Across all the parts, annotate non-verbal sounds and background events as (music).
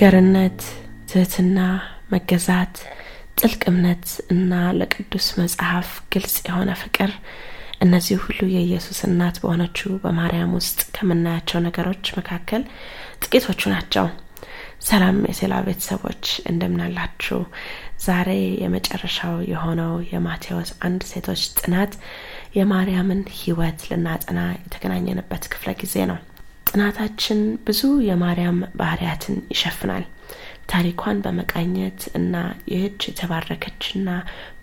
ገርነት፣ ትህትና፣ መገዛት፣ ጥልቅ እምነት እና ለቅዱስ መጽሐፍ ግልጽ የሆነ ፍቅር እነዚህ ሁሉ የኢየሱስ እናት በሆነችው በማርያም ውስጥ ከምናያቸው ነገሮች መካከል ጥቂቶቹ ናቸው። ሰላም የሴላ ቤተሰቦች እንደምናላችሁ። ዛሬ የመጨረሻው የሆነው የማቴዎስ አንድ ሴቶች ጥናት የማርያምን ሕይወት ልናጠና የተገናኘንበት ክፍለ ጊዜ ነው። ጥናታችን ብዙ የማርያም ባህሪያትን ይሸፍናል። ታሪኳን በመቃኘት እና ይህች የተባረከችና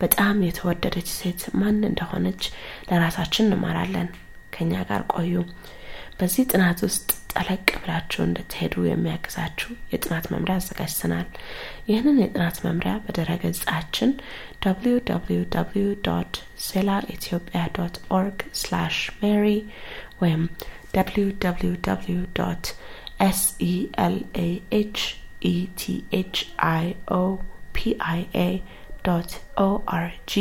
በጣም የተወደደች ሴት ማን እንደሆነች ለራሳችን እንማራለን። ከኛ ጋር ቆዩ። በዚህ ጥናት ውስጥ ጠለቅ ብላችሁ እንድትሄዱ የሚያግዛችሁ የጥናት መምሪያ አዘጋጅተናል። ይህንን የጥናት መምሪያ በድረገጻችን ሴላ ኢትዮጵያ ዶት ኦርግ ስላሽ ሜሪ ወይም ኤስኢኤልኤኤችኢቲኤችአይኦፒአይኤ ዶት ኦአርጂ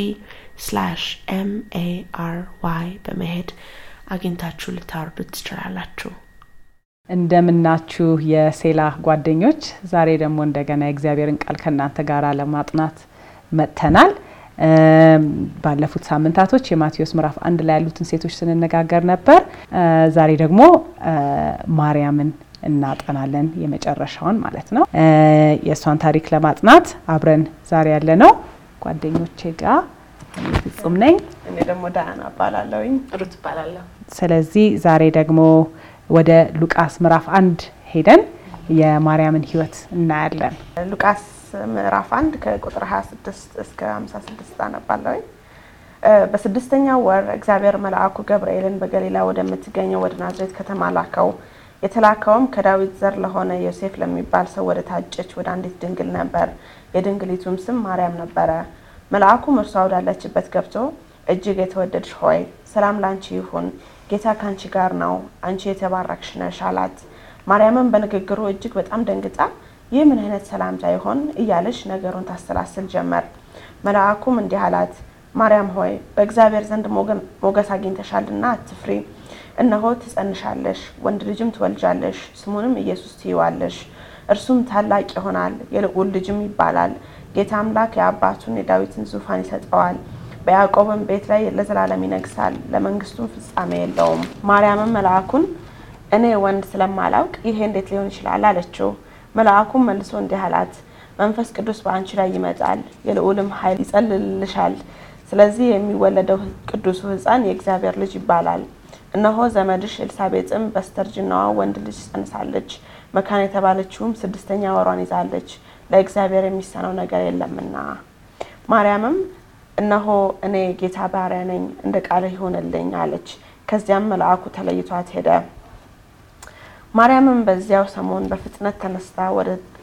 ስላሽ ኤምኤአርዋይ በመሄድ አግኝታችሁ ልታወርዱት ትችላላችሁ። እንደምናችሁ የሴላ ጓደኞች፣ ዛሬ ደግሞ እንደገና የእግዚአብሔርን ቃል ከእናንተ ጋር ለማጥናት መጥተናል። ባለፉት ሳምንታቶች የማቴዎስ ምዕራፍ አንድ ላይ ያሉትን ሴቶች ስንነጋገር ነበር። ዛሬ ደግሞ ማርያምን እናጠናለን፣ የመጨረሻውን ማለት ነው። የእሷን ታሪክ ለማጥናት አብረን ዛሬ ያለ ነው ጓደኞቼ ጋር ፍጹም ነኝ። እኔ ደግሞ ዳያና እባላለሁ፣ ሩት እባላለሁ። ስለዚህ ዛሬ ደግሞ ወደ ሉቃስ ምዕራፍ አንድ ሄደን የማርያምን ህይወት እናያለን። ሉቃስ ምዕራፍ አንድ ከቁጥር 26 እስከ 56 አነባለሁኝ። በስድስተኛው ወር እግዚአብሔር መልአኩ ገብርኤልን በገሊላ ወደምትገኘው ወደ ናዝሬት ከተማ ላከው። የተላከውም ከዳዊት ዘር ለሆነ ዮሴፍ ለሚባል ሰው ወደ ታጨች ወደ አንዲት ድንግል ነበር። የድንግሊቱም ስም ማርያም ነበረ። መልአኩም እርሷ ወዳለችበት ገብቶ እጅግ የተወደድሽ ሆይ ሰላም ላንቺ ይሁን ጌታ ከአንቺ ጋር ነው፣ አንቺ የተባረክሽ ነሽ አላት። ማርያምም በንግግሩ እጅግ በጣም ደንግጣ ይህ ምን አይነት ሰላምታ ይሆን እያለች ነገሩን ታሰላስል ጀመር። መልአኩም እንዲህ አላት፣ ማርያም ሆይ በእግዚአብሔር ዘንድ ሞገስ አግኝተሻልና አትፍሪ። እነሆ ትጸንሻለሽ፣ ወንድ ልጅም ትወልጃለሽ፣ ስሙንም ኢየሱስ ትይዋለሽ። እርሱም ታላቅ ይሆናል፣ የልዑል ልጅም ይባላል። ጌታ አምላክ የአባቱን የዳዊትን ዙፋን ይሰጠዋል በያዕቆብም ቤት ላይ ለዘላለም ይነግሳል፣ ለመንግስቱም ፍጻሜ የለውም። ማርያምም መልአኩን እኔ ወንድ ስለማላውቅ ይሄ እንዴት ሊሆን ይችላል አለችው። መልአኩም መልሶ እንዲህ አላት፣ መንፈስ ቅዱስ በአንቺ ላይ ይመጣል፣ የልዑልም ኃይል ይጸልልልሻል። ስለዚህ የሚወለደው ቅዱሱ ሕፃን የእግዚአብሔር ልጅ ይባላል። እነሆ ዘመድሽ ኤልሳቤጥም በስተርጅናዋ ወንድ ልጅ ጸንሳለች፣ መካን የተባለችውም ስድስተኛ ወሯን ይዛለች፣ ለእግዚአብሔር የሚሳነው ነገር የለምና። ማርያምም እነሆ እኔ ጌታ ባሪያ ነኝ፣ እንደ ቃልህ ይሆንልኝ አለች። ከዚያም መልአኩ ተለይቷት ሄደ። ማርያምም በዚያው ሰሞን በፍጥነት ተነስታ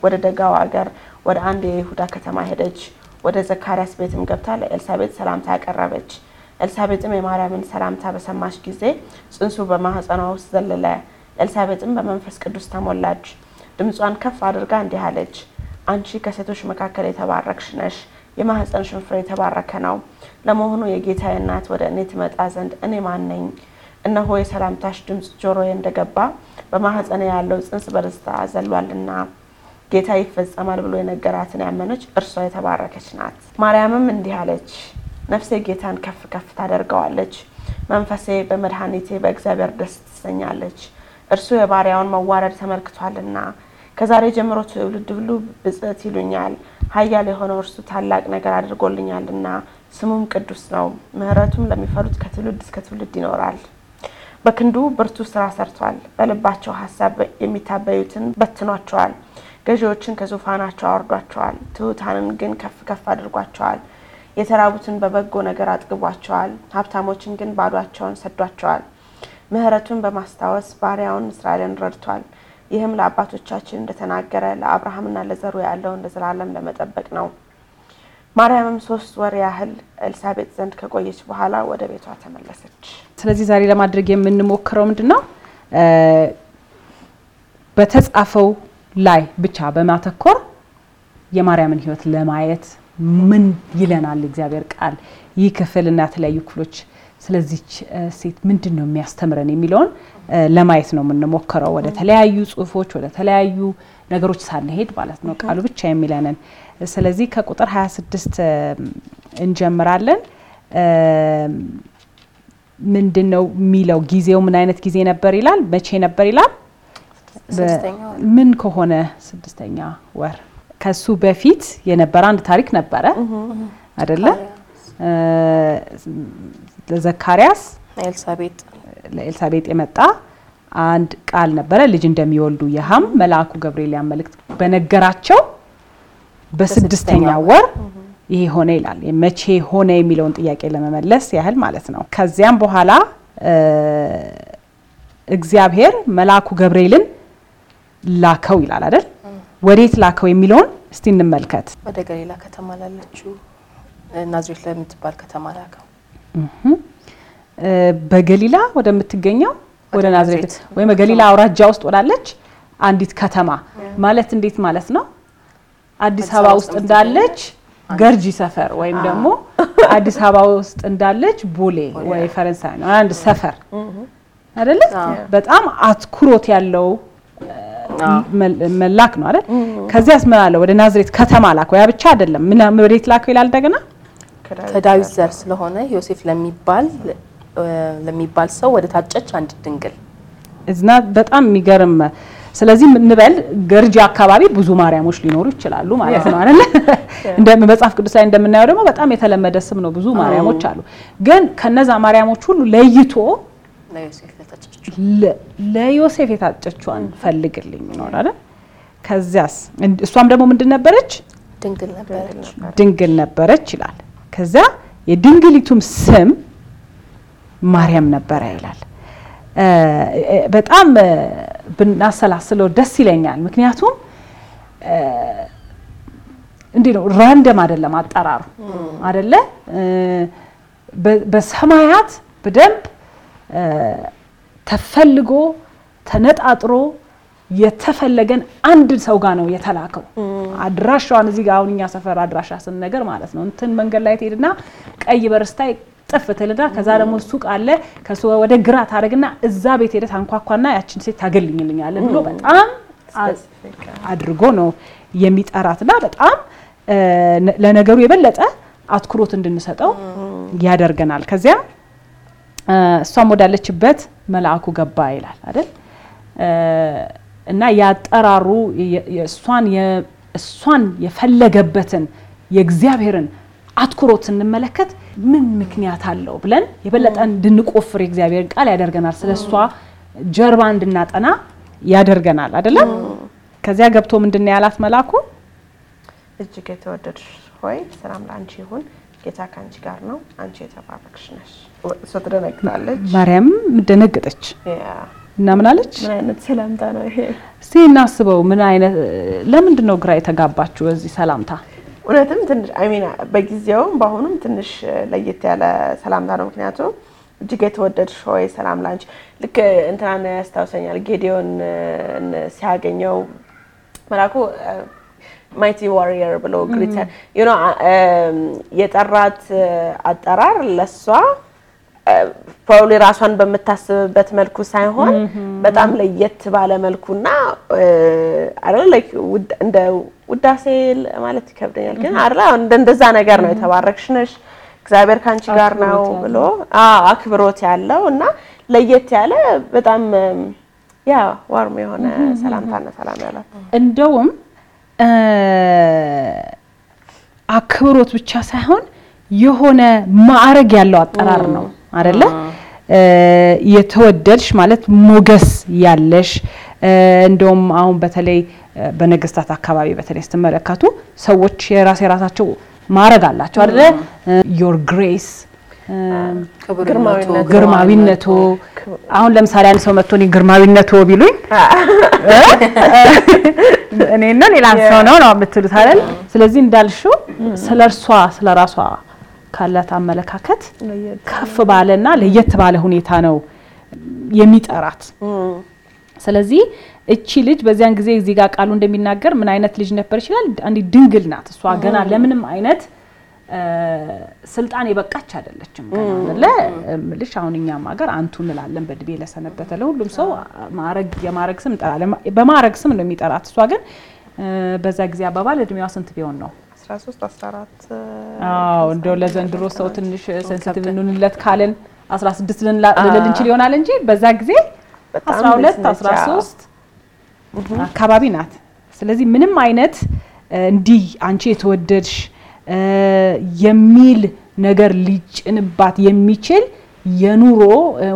ወደ ደጋው አገር ወደ አንድ የይሁዳ ከተማ ሄደች። ወደ ዘካርያስ ቤትም ገብታ ለኤልሳቤጥ ሰላምታ ያቀረበች። ኤልሳቤጥም የማርያምን ሰላምታ በሰማች ጊዜ ጽንሱ በማህፀኗ ውስጥ ዘለለ። ኤልሳቤጥም በመንፈስ ቅዱስ ተሞላች። ድምጿን ከፍ አድርጋ እንዲህ አለች፣ አንቺ ከሴቶች መካከል የተባረክሽ ነሽ የማህፀንሽን ፍሬ የተባረከ ነው። ለመሆኑ የጌታዬ እናት ወደ እኔ ትመጣ ዘንድ እኔ ማን ነኝ? እነሆ የሰላምታሽ ድምፅ ጆሮዬ እንደገባ በማህፀን ያለው ጽንስ በደስታ ዘሏልና ጌታ ይፈጸማል ብሎ የነገራትን ያመነች እርሷ የተባረከች ናት። ማርያምም እንዲህ አለች፣ ነፍሴ ጌታን ከፍ ከፍ ታደርገዋለች፣ መንፈሴ በመድኃኒቴ በእግዚአብሔር ደስ ትሰኛለች። እርሱ የባሪያውን መዋረድ ተመልክቷልና ከዛሬ ጀምሮ ትውልድ ሁሉ ብጽዕት ይሉኛል። ኃያል የሆነው እርሱ ታላቅ ነገር አድርጎልኛልና ስሙም ቅዱስ ነው። ምሕረቱም ለሚፈሩት ከትውልድ እስከ ትውልድ ይኖራል። በክንዱ ብርቱ ስራ ሰርቷል። በልባቸው ሀሳብ የሚታበዩትን በትኗቸዋል። ገዢዎችን ከዙፋናቸው አወርዷቸዋል። ትሑታንን ግን ከፍ ከፍ አድርጓቸዋል። የተራቡትን በበጎ ነገር አጥግቧቸዋል። ሀብታሞችን ግን ባዷቸውን ሰዷቸዋል። ምሕረቱን በማስታወስ ባሪያውን እስራኤልን ረድቷል። ይህም ለአባቶቻችን እንደተናገረ ለአብርሃምና ለዘሩ ያለውን ለዘላለም ለመጠበቅ ነው። ማርያምም ሶስት ወር ያህል ኤልሳቤጥ ዘንድ ከቆየች በኋላ ወደ ቤቷ ተመለሰች። ስለዚህ ዛሬ ለማድረግ የምንሞክረው ምንድን ነው? በተጻፈው ላይ ብቻ በማተኮር የማርያምን ሕይወት ለማየት ምን ይለናል እግዚአብሔር ቃል ይህ እና የተለያዩ ክፍሎች ስለዚች ሴት ምንድን ነው የሚያስተምረን የሚለውን ለማየት ነው የምንሞክረው። ወደ ተለያዩ ጽሁፎች፣ ወደ ተለያዩ ነገሮች ሳንሄድ ማለት ነው ቃሉ ብቻ የሚለንን። ስለዚህ ከቁጥር 26 እንጀምራለን። ምንድን ነው የሚለው? ጊዜው ምን አይነት ጊዜ ነበር ይላል። መቼ ነበር ይላል። ምን ከሆነ ስድስተኛ ወር ከሱ በፊት የነበረ አንድ ታሪክ ነበረ አይደለ? ለዘካርያስ ኤልሳቤጥ ለኤልሳቤጥ የመጣ አንድ ቃል ነበረ። ልጅ እንደሚወልዱ ያህም መልአኩ ገብርኤል ያመልክት በነገራቸው በስድስተኛ ወር ይሄ ሆነ ይላል። መቼ ሆነ የሚለውን ጥያቄ ለመመለስ ያህል ማለት ነው። ከዚያም በኋላ እግዚአብሔር መልአኩ ገብርኤልን ላከው ይላል አይደል? ወዴት ላከው የሚለውን እስቲ እንመልከት። ወደ ገሊላ ከተማ ላለችው ናዝሬት ለምትባል ከተማ ላከው። በገሊላ ወደምትገኘው ወደ ናዝሬት ወይም በገሊላ አውራጃ ውስጥ ወዳለች አንዲት ከተማ ማለት እንዴት ማለት ነው? አዲስ አበባ ውስጥ እንዳለች ገርጂ ሰፈር ወይም ደግሞ (laughs) አዲስ አበባ ውስጥ እንዳለች ቦሌ ወይ ፈረንሳይ ነው አንድ ሰፈር አይደለ? በጣም አትኩሮት ያለው መላክ ነው አይደል? ከዚያስ አስመራ አለ ወደ ናዝሬት ከተማ ላከው። ያ ብቻ አይደለም። ወዴት ላከው ይላል እንደገና ከዳዊት ዘር ስለሆነ ዮሴፍ ለሚባል ለሚባል ሰው ወደ ታጨች አንድ ድንግል እዝና በጣም የሚገርም ስለዚህ ምንበል ገርጂ አካባቢ ብዙ ማርያሞች ሊኖሩ ይችላሉ ማለት ነው አይደል? (laughs) እንደ መጽሐፍ ቅዱስ ላይ እንደምናየው ደግሞ በጣም የተለመደ ስም ነው። ብዙ ማርያሞች አሉ። ግን ከነዛ ማርያሞች ሁሉ ለይቶ ለዮሴፍ የታጨችዋን ፈልግልኝ ነው አይደል? ከዚያስ እሷም ደግሞ ምንድን ነበረች? ድንግል ነበረች ይላል። ከዛ የድንግሊቱም ስም ማርያም ነበረ ይላል። በጣም ብናሰላስለው ደስ ይለኛል። ምክንያቱም እንዲ ነው፣ ራንደም አይደለም አጠራሩ አደለ። በሰማያት በደንብ ተፈልጎ ተነጣጥሮ የተፈለገን አንድ ሰው ጋር ነው የተላከው። አድራሻዋን እዚህ ጋር አሁን እኛ ሰፈር አድራሻ ስን ነገር ማለት ነው እንትን መንገድ ላይ ትሄድና ቀይ በርስታይ ጥፍ ትልና ከዛ ደግሞ ሱቅ አለ ከሱ ወደ ግራ ታደርግና እዛ ቤት ሄደ ታንኳኳና ያችን ሴት ታገልኝልኛለህ ብሎ በጣም አድርጎ ነው የሚጠራትና በጣም ለነገሩ የበለጠ አትኩሮት እንድንሰጠው ያደርገናል። ከዚያ እሷም ወዳለችበት መልአኩ ገባ ይላል አይደል እና ያጠራሩ እሷን እሷን የፈለገበትን የእግዚአብሔርን አትኩሮት ስንመለከት ምን ምክንያት አለው ብለን የበለጠ እንድንቆፍር የእግዚአብሔርን ቃል ያደርገናል። ስለ እሷ ጀርባ እንድናጠና ያደርገናል አይደለም። ከዚያ ገብቶ ምንድን ያላት መልአኩ እጅግ የተወደድሽ ሆይ ሰላም ለአንቺ ይሁን፣ ጌታ ከአንቺ ጋር ነው፣ አንቺ የተባረክሽ ነሽ። እሷ ትደነግጣለች። ማርያም ደነገጠች። እና ምን አለች? ምን አይነት ሰላምታ ነው ይሄ? እስቲ እናስበው። ምን አይነት ለምንድን ነው ግራ የተጋባችሁ በዚህ ሰላምታ? እውነትም ትንሽ አይ ሚን በጊዜውም በአሁኑም ትንሽ ለየት ያለ ሰላምታ ነው። ምክንያቱም እጅግ የተወደድሽ ሆይ ሰላም ላንቺ። ልክ እንትናን ያስታውሰኛል ጌዲዮን ሲያገኘው መላኩ ማይቲ ዋሪየር ብሎ ግሪት የጠራት አጠራር ለሷ ፓውሊ ራሷን በምታስብበት መልኩ ሳይሆን በጣም ለየት ባለ መልኩና አይደል ላይክ እንደ ውዳሴ ማለት ይከብደኛል፣ ግን አይደል አሁን እንደዛ ነገር ነው የተባረክሽ ነሽ እግዚአብሔር ካንቺ ጋር ነው ብሎ አክብሮት ያለው እና ለየት ያለ በጣም ያ ዋርም የሆነ ሰላምታ ሰላምታና ሰላም ያላት እንደውም አክብሮት ብቻ ሳይሆን የሆነ ማዕረግ ያለው አጠራር ነው። አይደለ? የተወደድሽ ማለት ሞገስ ያለሽ እንደውም አሁን በተለይ በነገስታት አካባቢ በተለይ ስትመለከቱ ሰዎች የራስ የራሳቸው ማረግ አላቸው አይደለ? ዮር ግሬስ ግርማዊነቱ አሁን ለምሳሌ አንድ ሰው መጥቶ እኔ ግርማዊነቱ ቢሉኝ እኔና ሌላ ሰው ነው ነው የምትሉት አይደል? ስለዚህ እንዳልሽው ስለ እርሷ ስለ ራሷ ካላት አመለካከት ከፍ ባለና ለየት ባለ ሁኔታ ነው የሚጠራት። ስለዚህ እቺ ልጅ በዚያን ጊዜ እዚህ ጋር ቃሉ እንደሚናገር ምን አይነት ልጅ ነበር ይችላል። አንዲ ድንግል ናት። እሷ ገና ለምንም አይነት ስልጣን የበቃች አይደለችም። ለምልሽ አሁን እኛም ሀገር አንቱ እንላለን በድቤ ለሰነበተ ለሁሉም ሰው ማዕረግ የማዕረግ ስም እንጠራለን። ስም ነው የሚጠራት። እሷ ግን በዛ ጊዜ አባባል እድሜዋ ስንት ቢሆን ነው? 13 14 አዎ እንደው ለዘንድሮ ሰው ትንሽ ሴንሲቲቭ እንሁንለት ካልን 16 ልንል እንችል ይሆናል እንጂ በዛ ጊዜ 12 13 አካባቢ ናት። ስለዚህ ምንም አይነት እንዲህ አንቺ የተወደድሽ የሚል ነገር ሊጭንባት የሚችል የኑሮ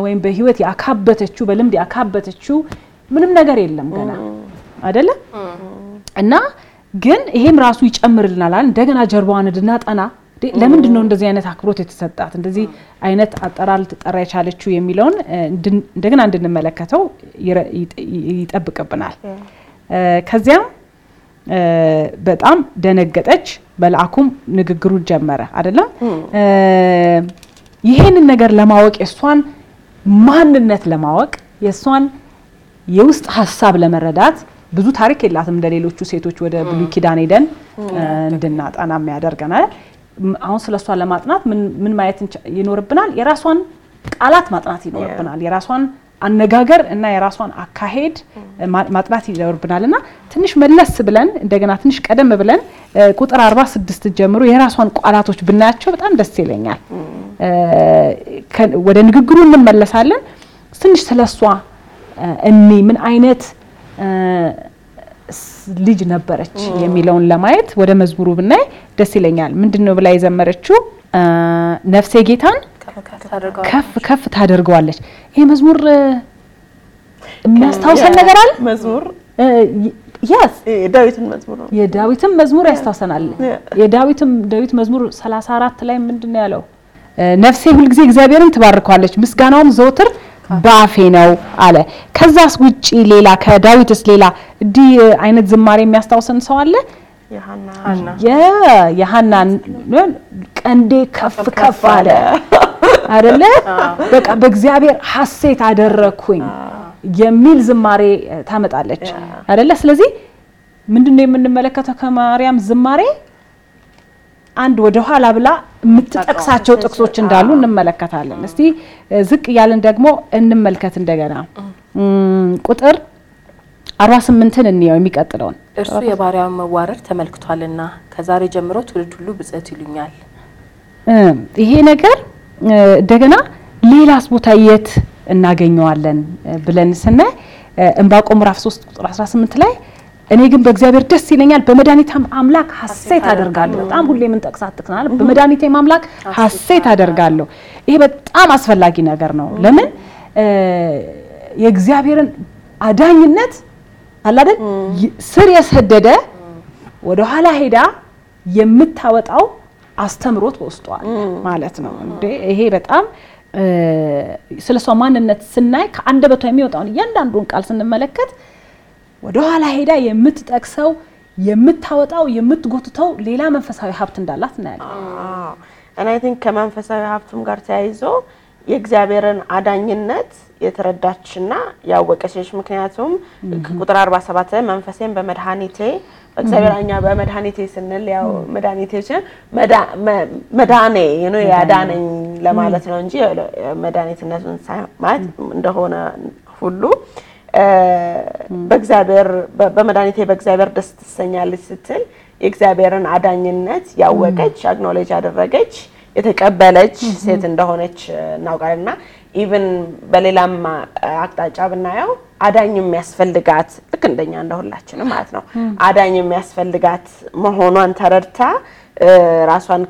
ወይም በህይወት ያካበተችው በልምድ ያካበተችው ምንም ነገር የለም ገና አይደለም እና ግን ይሄም ራሱ ይጨምርልናል። እንደገና ጀርባዋን ድና ለምንድን ነው እንደዚህ አይነት አክብሮት የተሰጣት እንደዚህ አይነት አጠራር ልትጠራ የቻለችው የሚለውን እንደገና እንድንመለከተው ይጠብቅብናል። ከዚያም በጣም ደነገጠች። መልአኩም ንግግሩን ጀመረ አይደለም። ይሄንን ነገር ለማወቅ የእሷን ማንነት ለማወቅ የእሷን የውስጥ ሀሳብ ለመረዳት ብዙ ታሪክ የላትም እንደሌሎቹ ሴቶች ወደ ብሉይ ኪዳን ሄደን እንድናጠና የሚያደርገናል። አሁን ስለ እሷ ለማጥናት ምን ማየት ይኖርብናል? የራሷን ቃላት ማጥናት ይኖርብናል። የራሷን አነጋገር እና የራሷን አካሄድ ማጥናት ይኖርብናል እና ትንሽ መለስ ብለን እንደገና ትንሽ ቀደም ብለን ቁጥር አርባ ስድስት ጀምሮ የራሷን ቃላቶች ብናያቸው በጣም ደስ ይለኛል። ወደ ንግግሩ እንመለሳለን። ትንሽ ስለሷ እኔ ምን አይነት ልጅ ነበረች የሚለውን ለማየት ወደ መዝሙሩ ብናይ ደስ ይለኛል። ምንድን ነው ብላ የዘመረችው? ነፍሴ ጌታን ከፍ ከፍ ታደርገዋለች። ይሄ መዝሙር የሚያስታውሰን ነገር አለ። መዝሙር የዳዊትን መዝሙር ያስታውሰናል። የዳዊትም ዳዊት መዝሙር 34 ላይ ምንድን ነው ያለው? ነፍሴ ሁልጊዜ እግዚአብሔርን ትባርከዋለች፣ ምስጋናውም ዘውትር ባፌ ነው አለ። ከዛስ ውጪ ሌላ ከዳዊትስ ሌላ እንዲህ አይነት ዝማሬ የሚያስታውሰን ሰው አለ? የሀና ቀንዴ ከፍ ከፍ አለ አይደለ? በቃ በእግዚአብሔር ሐሴት አደረኩኝ የሚል ዝማሬ ታመጣለች አይደለ? ስለዚህ ምንድነው የምንመለከተው ከማርያም ዝማሬ አንድ ወደ ኋላ ብላ የምትጠቅሳቸው ጥቅሶች እንዳሉ እንመለከታለን። እስቲ ዝቅ እያልን ደግሞ እንመልከት እንደገና ቁጥር አርባ ስምንትን እንየው የሚቀጥለውን እርሱ የባሪያውን መዋረድ ተመልክቷልና ከዛሬ ጀምሮ ትውልድ ሁሉ ብጽዕት ይሉኛል። ይሄ ነገር እንደገና ሌላስ ቦታ የት እናገኘዋለን ብለን ስናይ ዕንባቆም ምዕራፍ 3 ቁጥር 18 ላይ እኔ ግን በእግዚአብሔር ደስ ይለኛል፣ በመድኃኒቴም አምላክ ሐሴት አደርጋለሁ። በጣም ሁሌ ምን ጠቅሳት ትክናል። በመድኃኒቴም አምላክ ሐሴት አደርጋለሁ። ይሄ በጣም አስፈላጊ ነገር ነው። ለምን የእግዚአብሔርን አዳኝነት አላደል ስር የሰደደ ወደ ኋላ ሄዳ የምታወጣው አስተምሮት በውስጧል ማለት ነው። እንዴ ይሄ በጣም ስለ እሷ ማንነት ስናይ ከአንደበቷ የሚወጣውን እያንዳንዱን ቃል ስንመለከት ወደ ኋላ ሄዳ የምትጠቅሰው የምታወጣው የምትጎትተው ሌላ መንፈሳዊ ሀብት እንዳላት እናያለን። አይ ቲንክ ከመንፈሳዊ ሀብቱም ጋር ተያይዞ የእግዚአብሔርን አዳኝነት የተረዳችና ያወቀች። ምክንያቱም ቁጥር 47 ላይ መንፈሴን በመድኃኒቴ በእግዚአብሔር እኛ በመድኃኒቴ ስንል ያው መድኃኒቴ ሲሆን መዳኔ ያዳነኝ ለማለት ነው እንጂ መድኃኒትነቱን ማለት እንደሆነ ሁሉ በእግዚአብሔር በመድኃኒቴ በእግዚአብሔር ደስ ትሰኛለች ስትል የእግዚአብሔርን አዳኝነት ያወቀች አግኖሌጅ ያደረገች የተቀበለች ሴት እንደሆነች እናውቃለን። እና ኢቭን በሌላም አቅጣጫ ብናየው አዳኝ የሚያስፈልጋት ልክ እንደኛ እንደሁላችን ማለት ነው አዳኝ የሚያስፈልጋት መሆኗን ተረድታ ራሷን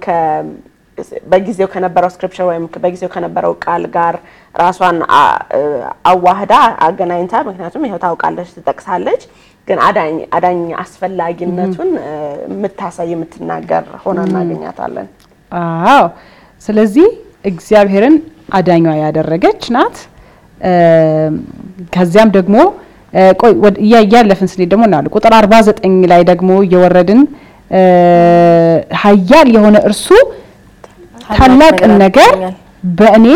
በጊዜው ከነበረው ስክሪፕቸር ወይም በጊዜው ከነበረው ቃል ጋር ራሷን አዋህዳ አገናኝታ፣ ምክንያቱም ይኸው ታውቃለች፣ ትጠቅሳለች ግን አዳኝ አስፈላጊነቱን የምታሳይ የምትናገር ሆና እናገኛታለን። አዎ፣ ስለዚህ እግዚአብሔርን አዳኟ ያደረገች ናት። ከዚያም ደግሞ እያለፍን ደግሞ እናሉ ቁጥር 49 ላይ ደግሞ እየወረድን ኃያል የሆነ እርሱ ታላቅን ነገር በእኔ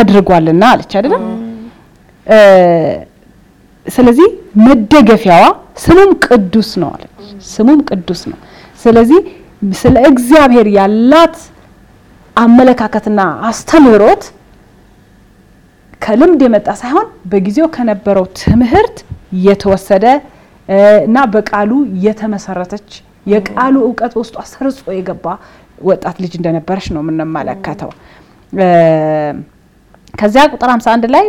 አድርጓልና አለች አይደለም። ስለዚህ መደገፊያዋ ስሙም ቅዱስ ነው አለች። ስሙም ቅዱስ ነው። ስለዚህ ስለ እግዚአብሔር ያላት አመለካከትና አስተምህሮት ከልምድ የመጣ ሳይሆን በጊዜው ከነበረው ትምህርት የተወሰደ እና በቃሉ የተመሰረተች የቃሉ እውቀት ውስጧ ሰርጾ የገባ ወጣት ልጅ እንደነበረች ነው የምንመለከተው። ከዚያ ቁጥር 51 ላይ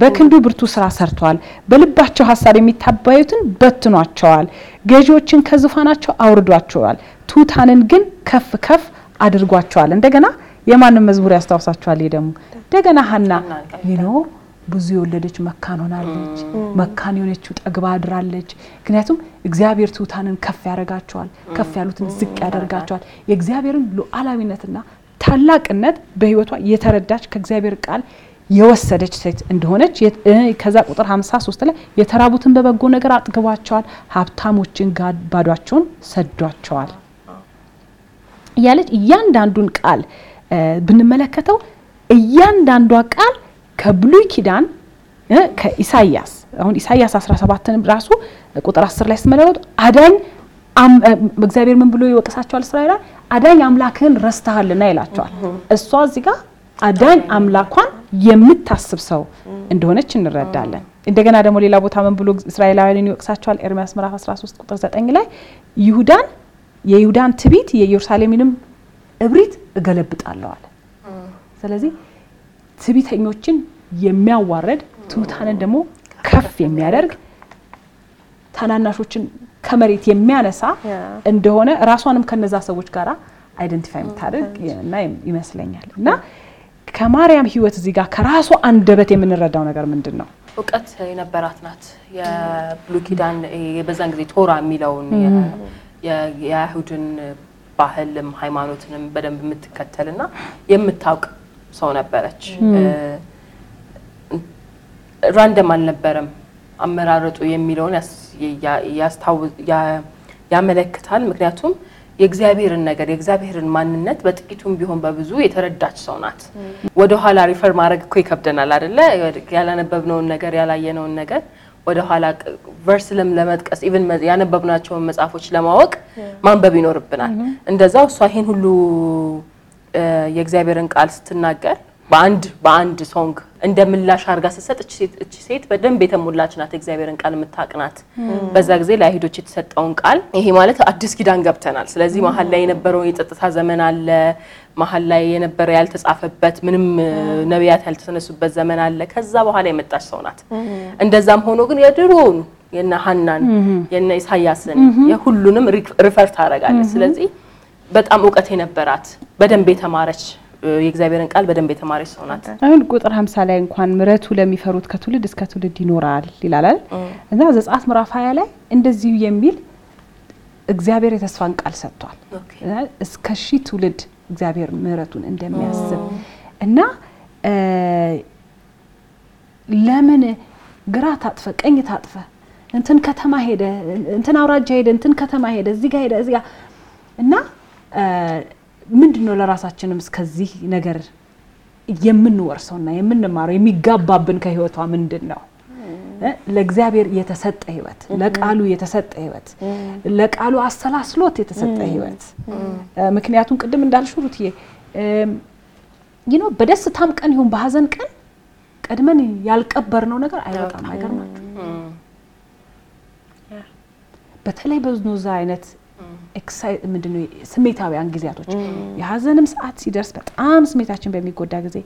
በክንዱ ብርቱ ስራ ሰርተዋል፣ በልባቸው ሀሳብ የሚታባዩትን በትኗቸዋል፣ ገዢዎችን ከዙፋናቸው አውርዷቸዋል፣ ትሑታንን ግን ከፍ ከፍ አድርጓቸዋል። እንደገና የማንም መዝሙር ያስታውሳቸዋል? ይሄ ደግሞ እንደገና ሀና ብዙ የወለደች መካን ሆናለች። መካን የሆነችው ጠግባ አድራለች። ምክንያቱም እግዚአብሔር ትሑታንን ከፍ ያደርጋቸዋል፣ ከፍ ያሉትን ዝቅ ያደርጋቸዋል። የእግዚአብሔርን ሉዓላዊነትና ታላቅነት በህይወቷ የተረዳች ከእግዚአብሔር ቃል የወሰደች ሴት እንደሆነች ከዛ ቁጥር 53 ላይ የተራቡትን በበጎ ነገር አጥግቧቸዋል፣ ሀብታሞችን ባዷቸውን ሰዷቸዋል እያለች እያንዳንዱን ቃል ብንመለከተው እያንዳንዷ ቃል ከብሉይ ኪዳን ከኢሳያስ አሁን ኢሳያስ 17ን ራሱ ቁጥር 10 ላይ ስትመለከቱ አዳኝ እግዚአብሔር ምን ብሎ ይወቅሳቸዋል? እስራኤላ አዳኝ አምላክህን ረስተሃልና ይላቸዋል። እሷ እዚህ ጋር አዳኝ አምላኳን የምታስብ ሰው እንደሆነች እንረዳለን። እንደገና ደግሞ ሌላ ቦታ ምን ብሎ እስራኤላውያንን ይወቅሳቸዋል? ኤርሚያስ ምዕራፍ 13 ቁጥር 9 ላይ ይሁዳን የይሁዳን ትቢት የኢየሩሳሌምንም እብሪት እገለብጣለዋል። ስለዚህ ትቢተኞችን የሚያዋረድ ትሑታንን ደግሞ ከፍ የሚያደርግ ታናናሾችን ከመሬት የሚያነሳ እንደሆነ ራሷንም ከነዛ ሰዎች ጋር አይደንቲፋይ የምታደርግ mm-hmm. እና ይመስለኛል እና ከማርያም ህይወት እዚህ ጋር ከራሱ አንደበት የምንረዳው ነገር ምንድን ነው? እውቀት የነበራት ናት። የብሉይ ኪዳን በዛን ጊዜ ቶራ የሚለውን mm-hmm. የአይሁድን ባህልም ሃይማኖትንም በደንብ የምትከተልና የምታውቅ ሰው ነበረች። ራንደም አልነበረም አመራረጡ የሚለውን ያመለክታል። ምክንያቱም የእግዚአብሔርን ነገር የእግዚአብሔርን ማንነት በጥቂቱም ቢሆን በብዙ የተረዳች ሰው ናት። ወደኋላ ሪፈር ማድረግ እኮ ይከብደናል አደለ? ያላነበብነውን ነገር ያላየነውን ነገር ወደኋላ ቨርስልም ለመጥቀስ ኢቨን ያነበብናቸውን መጽሐፎች ለማወቅ ማንበብ ይኖርብናል። እንደዛው እሷ ይሄን ሁሉ የእግዚአብሔርን ቃል ስትናገር በአንድ በአንድ ሶንግ እንደ ምላሽ አድርጋ ስትሰጥ እቺ ሴት በደንብ የተሞላች ናት፣ እግዚአብሔርን ቃል የምታቅናት። በዛ ጊዜ ለአይሁዶች የተሰጠውን ቃል ይሄ ማለት አዲስ ኪዳን ገብተናል። ስለዚህ መሀል ላይ የነበረውን የጸጥታ ዘመን አለ፣ መሀል ላይ የነበረ ያልተጻፈበት ምንም ነቢያት ያልተነሱበት ዘመን አለ። ከዛ በኋላ የመጣች ሰው ናት። እንደዛም ሆኖ ግን የድሮውን የነ ሀናን የነ ኢሳያስን የሁሉንም ሪፈር ታደርጋለች። ስለዚህ በጣም እውቀት የነበራት በደንብ የተማረች የእግዚአብሔርን ቃል በደንብ የተማረች ሰው ናት። አሁን ቁጥር ሀምሳ ላይ እንኳን ምረቱ ለሚፈሩት ከትውልድ እስከ ትውልድ ይኖራል ይላላል እና ዘጸአት ምዕራፍ ሀያ ላይ እንደዚሁ የሚል እግዚአብሔር የተስፋን ቃል ሰጥቷል። እስከ ሺ ትውልድ እግዚአብሔር ምረቱን እንደሚያስብ እና ለምን ግራ ታጥፈ ቀኝ ታጥፈ እንትን ከተማ ሄደ እንትን አውራጃ ሄደ እንትን ከተማ ሄደ እዚህ ሄደ እዚህ እና ምንድን ነው ለራሳችንም እስከዚህ ነገር የምንወርሰውና የምንማረው የሚጋባብን ከህይወቷ ምንድን ነው? ለእግዚአብሔር የተሰጠ ህይወት፣ ለቃሉ የተሰጠ ህይወት፣ ለቃሉ አሰላስሎት የተሰጠ ህይወት። ምክንያቱም ቅድም እንዳልሹሩት ሩትዬ ነው በደስታም ቀን ይሁን በሀዘን ቀን ቀድመን ያልቀበርነው ነገር አይወጣም። አይገርማችሁ? በተለይ በዝኖዛ አይነት ምንድነው ስሜታዊያን ጊዜያቶች የሀዘንም ሰዓት ሲደርስ በጣም ስሜታችን በሚጎዳ ጊዜ፣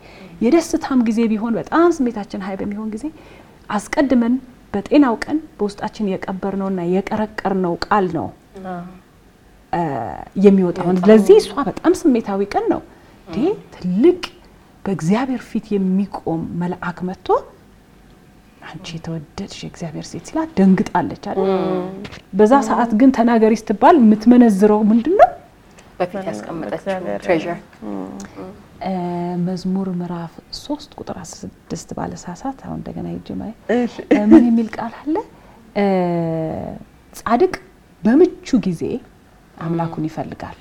የደስታም ጊዜ ቢሆን በጣም ስሜታችን ሀይ በሚሆን ጊዜ አስቀድመን በጤናው ቀን በውስጣችን የቀበርነውና የቀረቀርነው ቃል ነው የሚወጣው። ለዚህ እሷ በጣም ስሜታዊ ቀን ነው። ትልቅ በእግዚአብሔር ፊት የሚቆም መልአክ መጥቶ አንቺ የተወደድሽ የእግዚአብሔር ሴት ሲላት ደንግጣለች አይደል? በዛ ሰዓት ግን ተናገሪ ስትባል የምትመነዝረው ምንድን ነው? በፊት ያስቀመጠችው ትሬዠር መዝሙር ምዕራፍ ሶስት ቁጥር አስራ ስድስት ባለሳሳት አሁን እንደገና ሄጅ ማይ ምን የሚል ቃል አለ? ጻድቅ በምቹ ጊዜ አምላኩን ይፈልጋል፣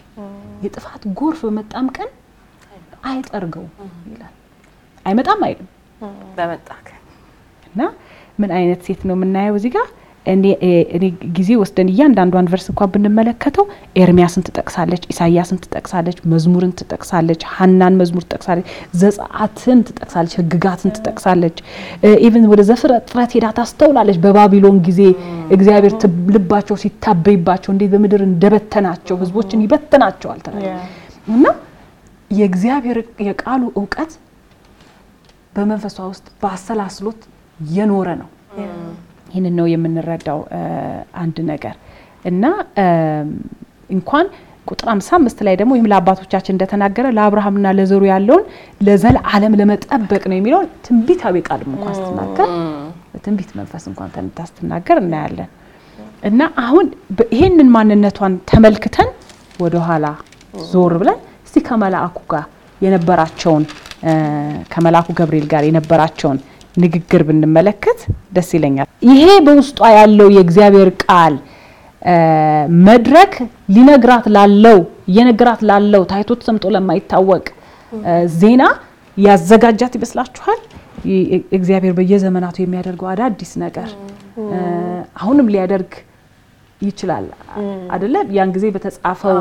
የጥፋት ጎርፍ በመጣም ቀን አይጠርገውም ይላል። አይመጣም አይልም በመጣ እና ምን አይነት ሴት ነው የምናየው እዚህ ጋር? እኔ ጊዜ ወስደን እያንዳንዷን ቨርስ እንኳን ብንመለከተው ኤርሚያስን ትጠቅሳለች፣ ኢሳያስን ትጠቅሳለች፣ መዝሙርን ትጠቅሳለች፣ ሀናን መዝሙር ትጠቅሳለች፣ ዘጻአትን ትጠቅሳለች፣ ህግጋትን ትጠቅሳለች። ኢቨን ወደ ዘፍጥረት ሄዳ ታስተውላለች። በባቢሎን ጊዜ እግዚአብሔር ልባቸው ሲታበይባቸው እንዴት በምድር እንደበተናቸው ህዝቦችን ይበተናቸዋል አልተ እና የእግዚአብሔር የቃሉ እውቀት በመንፈሷ ውስጥ በአሰላስሎት የኖረ ነው። ይህንን ነው የምንረዳው አንድ ነገር እና እንኳን ቁጥር አምሳ አምስት ላይ ደግሞ ይህም ለአባቶቻችን እንደተናገረ ለአብርሃምና ለዘሩ ያለውን ለዘለ ዓለም ለመጠበቅ ነው የሚለውን ትንቢታዊ ቃልም እንኳን ስትናገር በትንቢት መንፈስ እንኳን ተንታ ስትናገር እናያለን። እና አሁን ይሄንን ማንነቷን ተመልክተን ወደኋላ ዞር ብለን እስቲ ከመላአኩ ጋር የነበራቸውን ከመልአኩ ገብርኤል ጋር የነበራቸውን ንግግር ብንመለከት ደስ ይለኛል። ይሄ በውስጧ ያለው የእግዚአብሔር ቃል መድረክ ሊነግራት ላለው እየነግራት ላለው ታይቶ ተሰምጦ ለማይታወቅ ዜና ያዘጋጃት ይመስላችኋል? እግዚአብሔር በየዘመናቱ የሚያደርገው አዳዲስ ነገር አሁንም ሊያደርግ ይችላል አይደለም? ያን ጊዜ በተጻፈው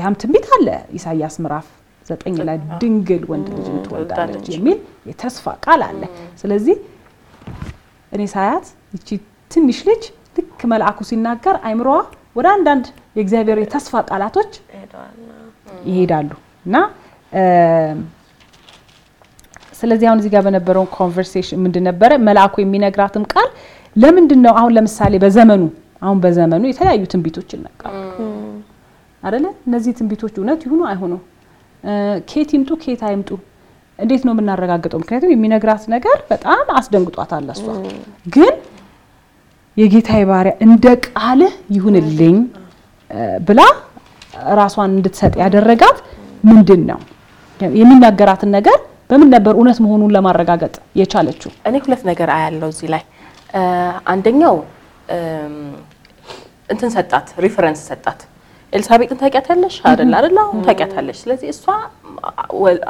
ያም ትንቢት አለ ኢሳያስ ምዕራፍ ዘጠኝ ላይ ድንግል ወንድ ልጅ ትወልዳለች የሚል የተስፋ ቃል አለ። ስለዚህ እኔ ሳያት ይቺ ትንሽ ልጅ ልክ መልአኩ ሲናገር አይምሮዋ ወደ አንዳንድ የእግዚአብሔር የተስፋ ቃላቶች ይሄዳሉ እና ስለዚህ አሁን እዚህ ጋር በነበረውን ኮንቨርሴሽን ምንድን ነበረ መልአኩ የሚነግራትም ቃል ለምንድን ነው አሁን ለምሳሌ በዘመኑ አሁን በዘመኑ የተለያዩ ትንቢቶች ይነቃሉ አደለ? እነዚህ ትንቢቶች እውነት ይሁኑ አይሆኑም ኬት ይምጡ ኬት አይምጡ እንዴት ነው የምናረጋግጠው? ምክንያቱም የሚነግራት ነገር በጣም አስደንግጧታል። እሷ ግን የጌታዬ ባሪያ እንደ ቃልህ ይሁንልኝ ብላ ራሷን እንድትሰጥ ያደረጋት ምንድን ነው? የሚናገራትን ነገር በምን ነበር እውነት መሆኑን ለማረጋገጥ የቻለችው? እኔ ሁለት ነገር አያለው እዚህ ላይ አንደኛው እንትን ሰጣት፣ ሪፈረንስ ሰጣት ኤልሳቤጥን ታውቂያታለሽ አይደል? አይደል? አሁን ታውቂያታለሽ። ስለዚህ እሷ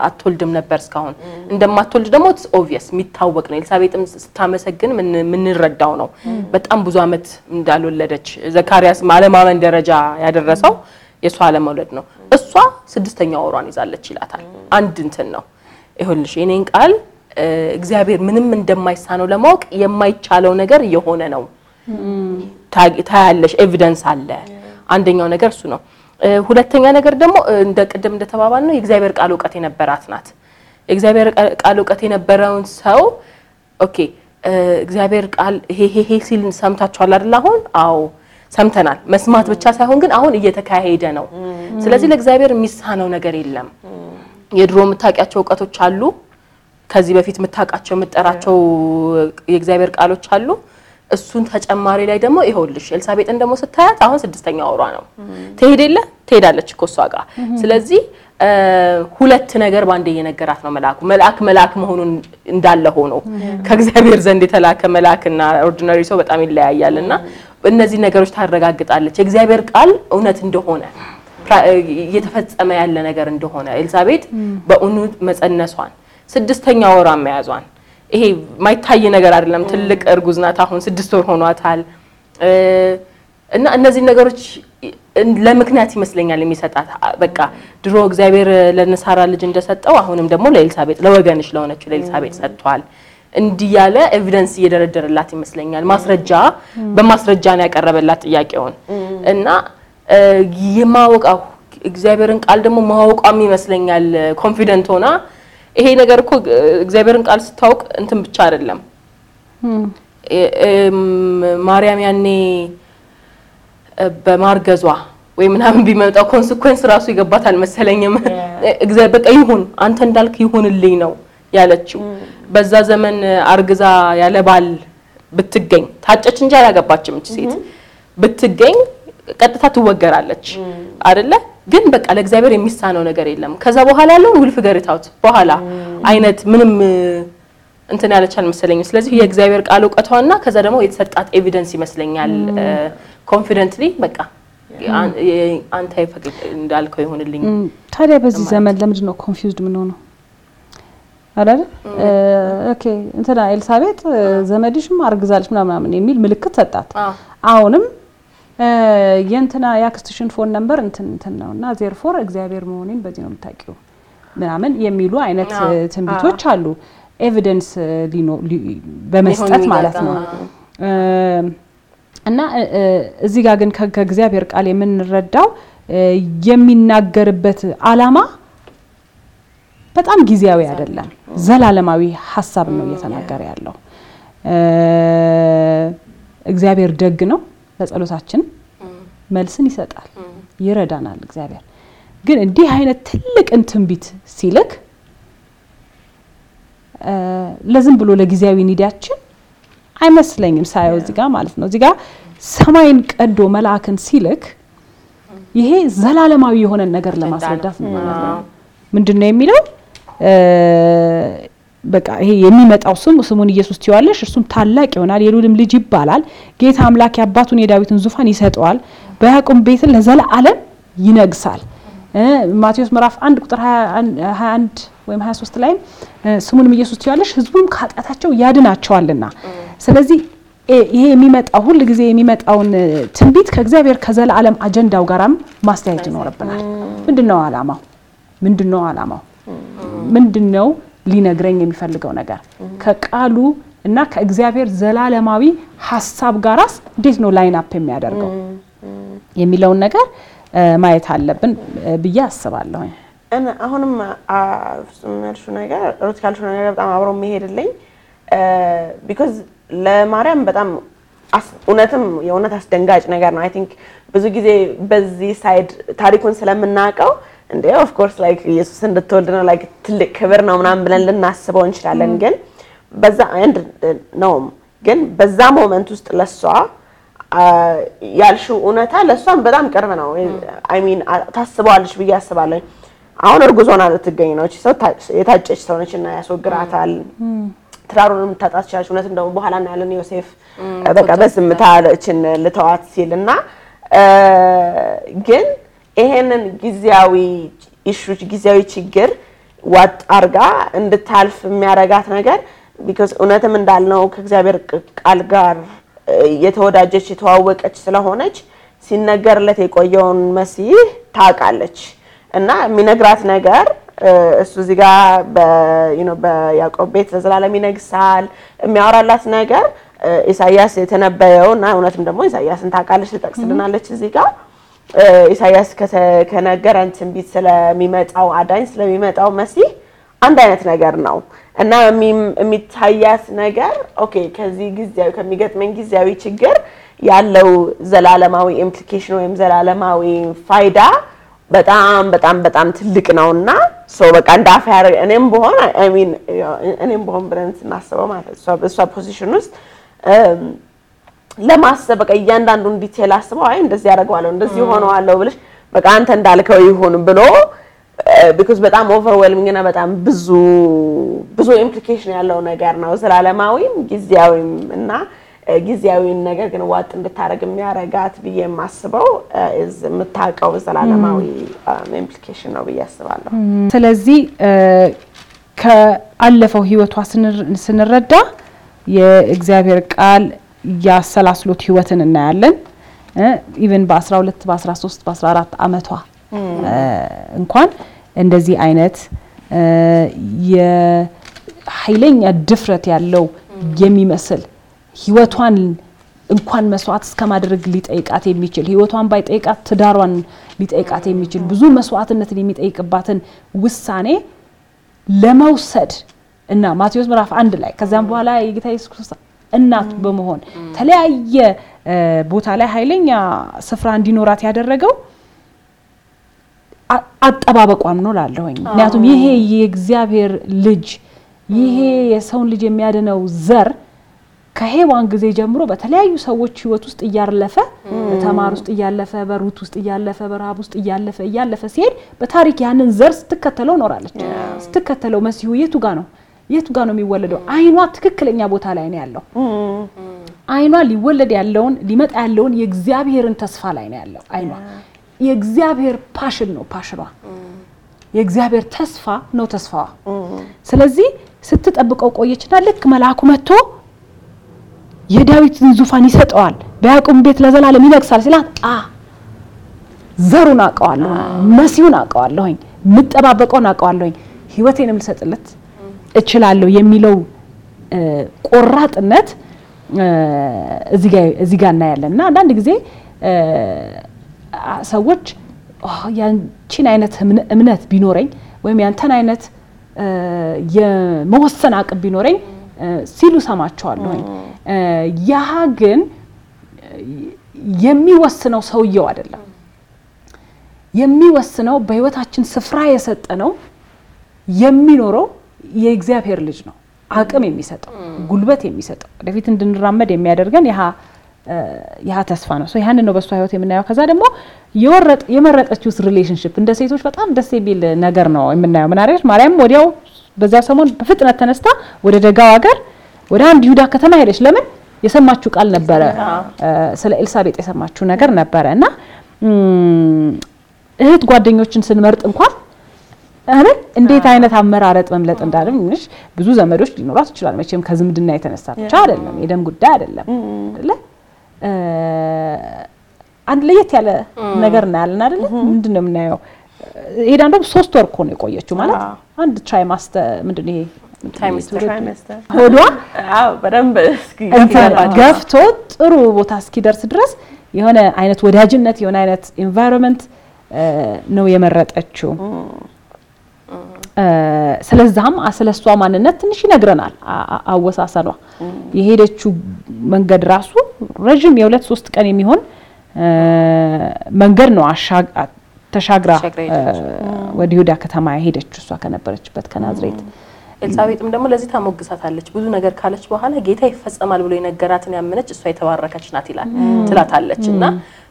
አትወልድም ነበር እስካሁን። እንደማትወልድ ደግሞ ኢትስ ኦብቪየስ የሚታወቅ ነው። ኤልሳቤጥም ስታመሰግን የምንረዳው ነው። በጣም ብዙ አመት እንዳልወለደች ዘካሪያስ አለማመን ደረጃ ያደረሰው የእሷ አለመውለድ ነው። እሷ ስድስተኛ ወሯን ይዛለች ይላታል። አንድ እንትን ነው። ይሁንልሽ፣ የኔን ቃል እግዚአብሔር ምንም እንደማይሳነው ለማወቅ የማይቻለው ነገር የሆነ ነው ታያለሽ። ኤቪደንስ አለ አንደኛው ነገር እሱ ነው። ሁለተኛ ነገር ደግሞ እንደ ቅድም እንደተባባል ነው የእግዚአብሔር ቃል እውቀት የነበራት ናት። የእግዚአብሔር ቃል እውቀት የነበረውን ሰው ኦኬ፣ እግዚአብሔር ቃል ይሄ ሲል ሰምታችኋል አይደል? አሁን አዎ ሰምተናል። መስማት ብቻ ሳይሆን ግን አሁን እየተካሄደ ነው። ስለዚህ ለእግዚአብሔር የሚሳነው ነገር የለም። የድሮ የምታውቂያቸው እውቀቶች አሉ። ከዚህ በፊት የምታውቃቸው የምጠራቸው የእግዚአብሔር ቃሎች አሉ። እሱን ተጨማሪ ላይ ደግሞ ይኸውልሽ ኤልሳቤጥን ደግሞ ስታያት አሁን ስድስተኛ ወሯ ነው። ትሄድ የለ ትሄዳለች እኮ እሷ ጋር። ስለዚህ ሁለት ነገር ባንዴ እየነገራት ነው መልአኩ። መልአክ መልአክ መሆኑን እንዳለ ሆኖ ከእግዚአብሔር ዘንድ የተላከ መልአክና ኦርዲነሪ ሰው በጣም ይለያያል። እና እነዚህ ነገሮች ታረጋግጣለች የእግዚአብሔር ቃል እውነት እንደሆነ እየተፈጸመ ያለ ነገር እንደሆነ ኤልሳቤጥ በእውነት መጸነሷን ስድስተኛ ወሯ መያዟን ይሄ ማይታይ ነገር አይደለም። ትልቅ እርጉዝ ናት፣ አሁን ስድስት ወር ሆኗታል። እና እነዚህ ነገሮች ለምክንያት ይመስለኛል የሚሰጣት። በቃ ድሮ እግዚአብሔር ለነሳራ ልጅ እንደሰጠው አሁንም ደግሞ ለኤልሳቤጥ ለወገንሽ ለሆነችው ለኤልሳቤጥ ሰጥቷል። እንዲህ ያለ ኤቪደንስ እየደረደረላት ይመስለኛል። ማስረጃ በማስረጃ ነው ያቀረበላት ጥያቄውን እና የማወቃው እግዚአብሔርን ቃል ደግሞ ማወቋም ይመስለኛል ኮንፊደንት ሆና ይሄ ነገር እኮ እግዚአብሔርን ቃል ስታውቅ እንትን ብቻ አይደለም። ማርያም ያኔ በማርገዟ ወይ ምናምን ቢመጣው ኮንስኮንስ ራሱ ይገባታል መሰለኝም። በቃ ይሁን አንተ እንዳልክ ይሁንልኝ ነው ያለችው። በዛ ዘመን አርግዛ ያለ ባል ብትገኝ ታጨች እንጂ አላገባችም ሴት ብትገኝ ቀጥታ ትወገራለች አይደለ? ግን በቃ ለእግዚአብሔር የሚሳነው ነገር የለም። ከዛ በኋላ ያለውን ውልፍ ገሪታውት በኋላ አይነት ምንም እንትን ያለች አልመሰለኝም። ስለዚህ የእግዚአብሔር ቃል እውቀቷና ከዛ ደግሞ የተሰጣት ኤቪደንስ ይመስለኛል ኮንፊደንትሊ በቃ አንተ ይፈቅድ እንዳልከው ይሆንልኝ። ታዲያ በዚህ ዘመን ለምንድን ነው ኮንፊውዝድ የምንሆነው? አይደል ኦኬ እንትና ኤልሳቤጥ ዘመድሽም አርግዛለች ምናምን የሚል ምልክት ሰጣት። አሁንም የእንትና የአክስትሽን ፎን ነምበር እንትን እንትን ነው እና ዜር ፎር እግዚአብሔር መሆኔን በዚህ ነው የምታውቂው ምናምን የሚሉ አይነት ትንቢቶች አሉ። ኤቪደንስ በመስጠት ማለት ነው። እና እዚህ ጋር ግን ከእግዚአብሔር ቃል የምንረዳው የሚናገርበት አላማ በጣም ጊዜያዊ አይደለም፣ ዘላለማዊ ሀሳብ ነው እየተናገረ ያለው። እግዚአብሔር ደግ ነው። ለጸሎታችን መልስን ይሰጣል፣ ይረዳናል። እግዚአብሔር ግን እንዲህ አይነት ትልቅን ትንቢት ሲልክ ለዝም ብሎ ለጊዜያዊ ኒዲያችን አይመስለኝም ሳየው እዚህ ጋር ማለት ነው። እዚህ ጋር ሰማይን ቀዶ መልአክን ሲልክ ይሄ ዘላለማዊ የሆነን ነገር ለማስረዳት ነው። ምንድን ነው የሚለው በቃ ይሄ የሚመጣው ስም ስሙን ኢየሱስ ትይዋለሽ፣ እርሱም ታላቅ ይሆናል፣ የልዑልም ልጅ ይባላል። ጌታ አምላክ የአባቱን የዳዊትን ዙፋን ይሰጠዋል፣ በያዕቆብ ቤትን ለዘላለም ይነግሳል። ማቴዎስ ምዕራፍ 1 ቁጥር 21 ወይም 23 ላይ ስሙንም ኢየሱስ ትይዋለሽ፣ ህዝቡም ከኃጢአታቸው ያድናቸዋልና። ስለዚህ ይሄ የሚመጣው ሁል ጊዜ የሚመጣውን ትንቢት ከእግዚአብሔር ከዘላለም አጀንዳው ጋራም ማስተያየት ይኖርብናል። ምንድነው አላማው? ምንድነው አላማው? ምንድነው ሊነግረኝ የሚፈልገው ነገር ከቃሉ እና ከእግዚአብሔር ዘላለማዊ ሀሳብ ጋራስ እንዴት ነው ላይን አፕ የሚያደርገው የሚለውን ነገር ማየት አለብን ብዬ አስባለሁ። አሁንም ያልሹ ነገር ሩት ካልሹ ነገር በጣም አብሮ የሚሄድልኝ ቢኮዝ ለማርያም በጣም እውነትም የእውነት አስደንጋጭ ነገር ነው። አይ ቲንክ ብዙ ጊዜ በዚህ ሳይድ ታሪኩን ስለምናውቀው እንዴ ኦፍኮርስ ላይክ ኢየሱስ እንድትወልድ ነው ላይክ ትልቅ ክብር ነው ምናምን ብለን ልናስበው እንችላለን። mm. ግን በዛ አንድ ነው ግን በዛ ሞመንት ውስጥ ለሷ ያልሽው እውነታ ለእሷም በጣም ቅርብ ነው። mm. አይ ሚን ታስበዋለች ብዬ አስባለሁ። አሁን እርጉዝ ሆና ልትገኝ ነው እቺ ሰው የታጨች ሰው ነች እና ያስወግራታል። mm. ትዳሩንም ልታጣ ትችላለች። እውነትም ደግሞ በኋላ እናያለን። ዮሴፍ በቃ በዝምታ እችን ልተዋት ሲል እና ግን ይሄንን ጊዜያዊ ኢሹ ጊዜያዊ ችግር ዋጥ አርጋ እንድታልፍ የሚያረጋት ነገር ቢኮዝ እውነትም እንዳልነው ከእግዚአብሔር ቃል ጋር የተወዳጀች የተዋወቀች ስለሆነች ሲነገርለት የቆየውን መሲህ ታውቃለች እና የሚነግራት ነገር እሱ እዚህ ጋር በያዕቆብ ቤት ለዘላለም ይነግሳል የሚያወራላት ነገር ኢሳያስ የተነበየው እና እውነትም ደግሞ ኢሳያስን ታውቃለች ትጠቅስልናለች እዚህ ጋር ኢሳያስ ከነገረን ትንቢት ስለሚመጣው አዳኝ ስለሚመጣው መሲህ አንድ አይነት ነገር ነው እና የሚታያት ነገር ኦኬ ከዚህ ጊዜያዊ ከሚገጥመኝ ጊዜያዊ ችግር ያለው ዘላለማዊ ኢምፕሊኬሽን ወይም ዘላለማዊ ፋይዳ በጣም በጣም በጣም ትልቅ ነው እና በቃ እንዳፍ ያደርግ እኔም በሆን እኔም በሆን ብለን ስናስበው ማለት እሷ ፖዚሽን ውስጥ ለማሰብ በቃ እያንዳንዱን ዲቴል አስበው አይ እንደዚህ ያደርገዋለሁ እንደዚህ ሆነዋለሁ ብለሽ በቃ አንተ እንዳልከው ይሁን ብሎ ቢኮዝ በጣም ኦቨርዌልሚንግ እና በጣም ብዙ ብዙ ኢምፕሊኬሽን ያለው ነገር ነው። ዘላለማዊም ጊዜያዊም እና ጊዜያዊን ነገር ግን ዋጥ እንድታደርግ የሚያረጋት ብዬ የማስበው የምታውቀው ዘላለማዊ ኢምፕሊኬሽን ነው ብዬ አስባለሁ። ስለዚህ ከአለፈው ህይወቷ ስንረዳ የእግዚአብሔር ቃል ያሰላስሉት ህይወትን እናያለን። ኢቨን በ12 በ13 በ14 አመቷ እንኳን እንደዚህ አይነት የኃይለኛ ድፍረት ያለው የሚመስል ህይወቷን እንኳን መስዋዕት እስከ ማድረግ ሊጠይቃት የሚችል ህይወቷን ባይጠይቃት ትዳሯን ሊጠይቃት የሚችል ብዙ መስዋዕትነትን የሚጠይቅባትን ውሳኔ ለመውሰድ እና ማቴዎስ ምዕራፍ አንድ ላይ ከዚያም በኋላ የጌታ ኢየሱስ ክርስቶስ እናት በመሆን ተለያየ ቦታ ላይ ኃይለኛ ስፍራ እንዲኖራት ያደረገው አጠባበቋም ነው ላለሁኝ። ምክንያቱም ይሄ የእግዚአብሔር ልጅ ይሄ የሰውን ልጅ የሚያድነው ዘር ከሔዋን ጊዜ ጀምሮ በተለያዩ ሰዎች ህይወት ውስጥ እያለፈ በተማር ውስጥ እያለፈ በሩት ውስጥ እያለፈ በረሃብ ውስጥ እያለፈ እያለፈ ሲሄድ በታሪክ ያንን ዘር ስትከተለው ኖራለች። ስትከተለው መሲሁ የቱ ጋ ነው የቱ ጋር ነው የሚወለደው? አይኗ ትክክለኛ ቦታ ላይ ነው ያለው። አይኗ ሊወለድ ያለውን ሊመጣ ያለውን የእግዚአብሔርን ተስፋ ላይ ነው ያለው። አይኗ የእግዚአብሔር ፓሽን ነው ፓሽኗ የእግዚአብሔር ተስፋ ነው ተስፋዋ። ስለዚህ ስትጠብቀው ቆየችና ልክ መልአኩ መጥቶ የዳዊትን ዙፋን ይሰጠዋል፣ በያዕቆብ ቤት ለዘላለም ይነግሳል ሲላት አ ዘሩን አውቀዋለሁ፣ መሲሁን አውቀዋለሁኝ፣ የምጠባበቀውን አውቀዋለሁኝ፣ ህይወቴንም ልሰጥለት እችላለሁ የሚለው ቆራጥነት እዚህ ጋር እናያለን። እና አንዳንድ ጊዜ ሰዎች ያንቺን አይነት እምነት ቢኖረኝ ወይም ያንተን አይነት የመወሰን አቅም ቢኖረኝ ሲሉ ሰማቸዋለሁ። ያ ግን የሚወስነው ሰውየው አይደለም። የሚወስነው በህይወታችን ስፍራ የሰጠ ነው የሚኖረው የእግዚአብሔር ልጅ ነው። አቅም የሚሰጠው ጉልበት የሚሰጠው ወደፊት እንድንራመድ የሚያደርገን ያ ተስፋ ነው። ያህንን ነው በእሷ ህይወት የምናየው። ከዛ ደግሞ የመረጠችውስ ሪሌሽንሽፕ እንደ ሴቶች በጣም ደስ የሚል ነገር ነው የምናየው። ምናሪዎች ማርያም ወዲያው በዛ ሰሞን በፍጥነት ተነስታ ወደ ደጋው ሀገር ወደ አንድ ይሁዳ ከተማ ሄደች። ለምን? የሰማችው ቃል ነበረ፣ ስለ ኤልሳቤጥ የሰማችው ነገር ነበረ እና እህት ጓደኞችን ስንመርጥ እንኳን እንዴት አይነት አመራረጥ መምለጥ እንዳለም ምንሽ ብዙ ዘመዶች ሊኖራት ይችላል። መቼም ከዝምድና የተነሳ ብቻ አይደለም፣ የደም ጉዳይ አይደለም አይደለ? አንድ ለየት ያለ ነገር እናያለን አይደለ? ምንድን ነው የምናየው? ይሄ እንደውም ሶስት ወር እኮ ነው የቆየችው ማለት አንድ ትራይ ማስተ ምንድን ነው ይሄ ገፍቶ ጥሩ ቦታ እስኪደርስ ድረስ የሆነ አይነት ወዳጅነት የሆነ አይነት ኢንቫይሮንመንት ነው የመረጠችው። ስለዛም አስለሷ ማንነት ትንሽ ይነግረናል። አወሳሰኗ የሄደችው መንገድ ራሱ ረዥም የሁለት ሶስት ቀን የሚሆን መንገድ ነው ተሻግራ ወደ ይሁዳ ከተማ የሄደች እሷ ከነበረችበት ከናዝሬት። ኤልሳቤጥም ደግሞ ለዚህ ታሞግሳታለች። ብዙ ነገር ካለች በኋላ ጌታ ይፈጸማል ብሎ የነገራትን ያመነች እሷ የተባረከች ናት ይላል ትላታለች። እና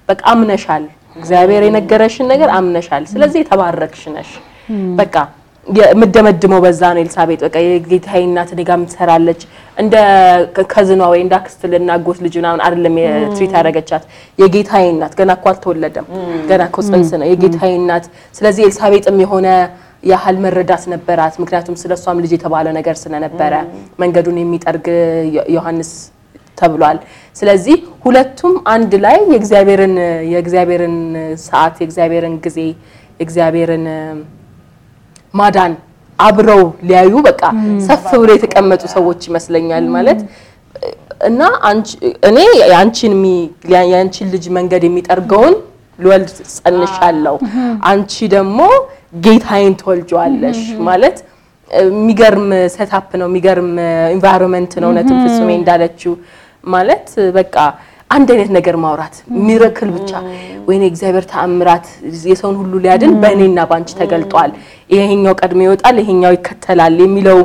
በቃ አምነሻል፣ እግዚአብሔር የነገረሽን ነገር አምነሻል፣ ስለዚህ የተባረክሽ ነሽ Hmm. በቃ የምደመድመው በዛ ነው። ኤልሳቤጥ በቃ የጌታዬ እናት እኔ ጋር የምትሰራለች እንደ ከዝኗ ወይ እንደ አክስት ልናጎት ልጅ ምናምን አይደለም ትሪት hmm. ያደረገቻት የጌታዬ እናት። ገና እኮ አልተወለደም፣ hmm. ገና እኮ ጽንስ ነው የጌታዬ እናት። ስለዚህ ኤልሳቤጥም የሆነ ያህል መረዳት ነበራት። ምክንያቱም ስለ እሷም ልጅ የተባለ ነገር ስለነበረ መንገዱን የሚጠርግ ዮሐንስ ተብሏል። ስለዚህ ሁለቱም አንድ ላይ የእግዚአብሔርን የእግዚአብሔርን ሰዓት የእግዚአብሔርን ጊዜ የእግዚአብሔርን ማዳን አብረው ሊያዩ በቃ ሰፍ ብሎ የተቀመጡ ሰዎች ይመስለኛል ማለት እና እኔ የአንቺን የአንቺን ልጅ መንገድ የሚጠርገውን ልወልድ ጸንሻለሁ፣ አንቺ ደግሞ ጌታዬን ትወልጂዋለሽ ማለት የሚገርም ሴታፕ ነው፣ የሚገርም ኢንቫይሮንመንት ነው። እውነትም ፍጹሜ እንዳለችው ማለት በቃ አንድ አይነት ነገር ማውራት ሚረክል ብቻ ወይኔ እግዚአብሔር ተአምራት የሰውን ሁሉ ሊያድን በእኔና ባንቺ ተገልጧል፣ ይሄኛው ቀድሞ ይወጣል፣ ይሄኛው ይከተላል የሚለው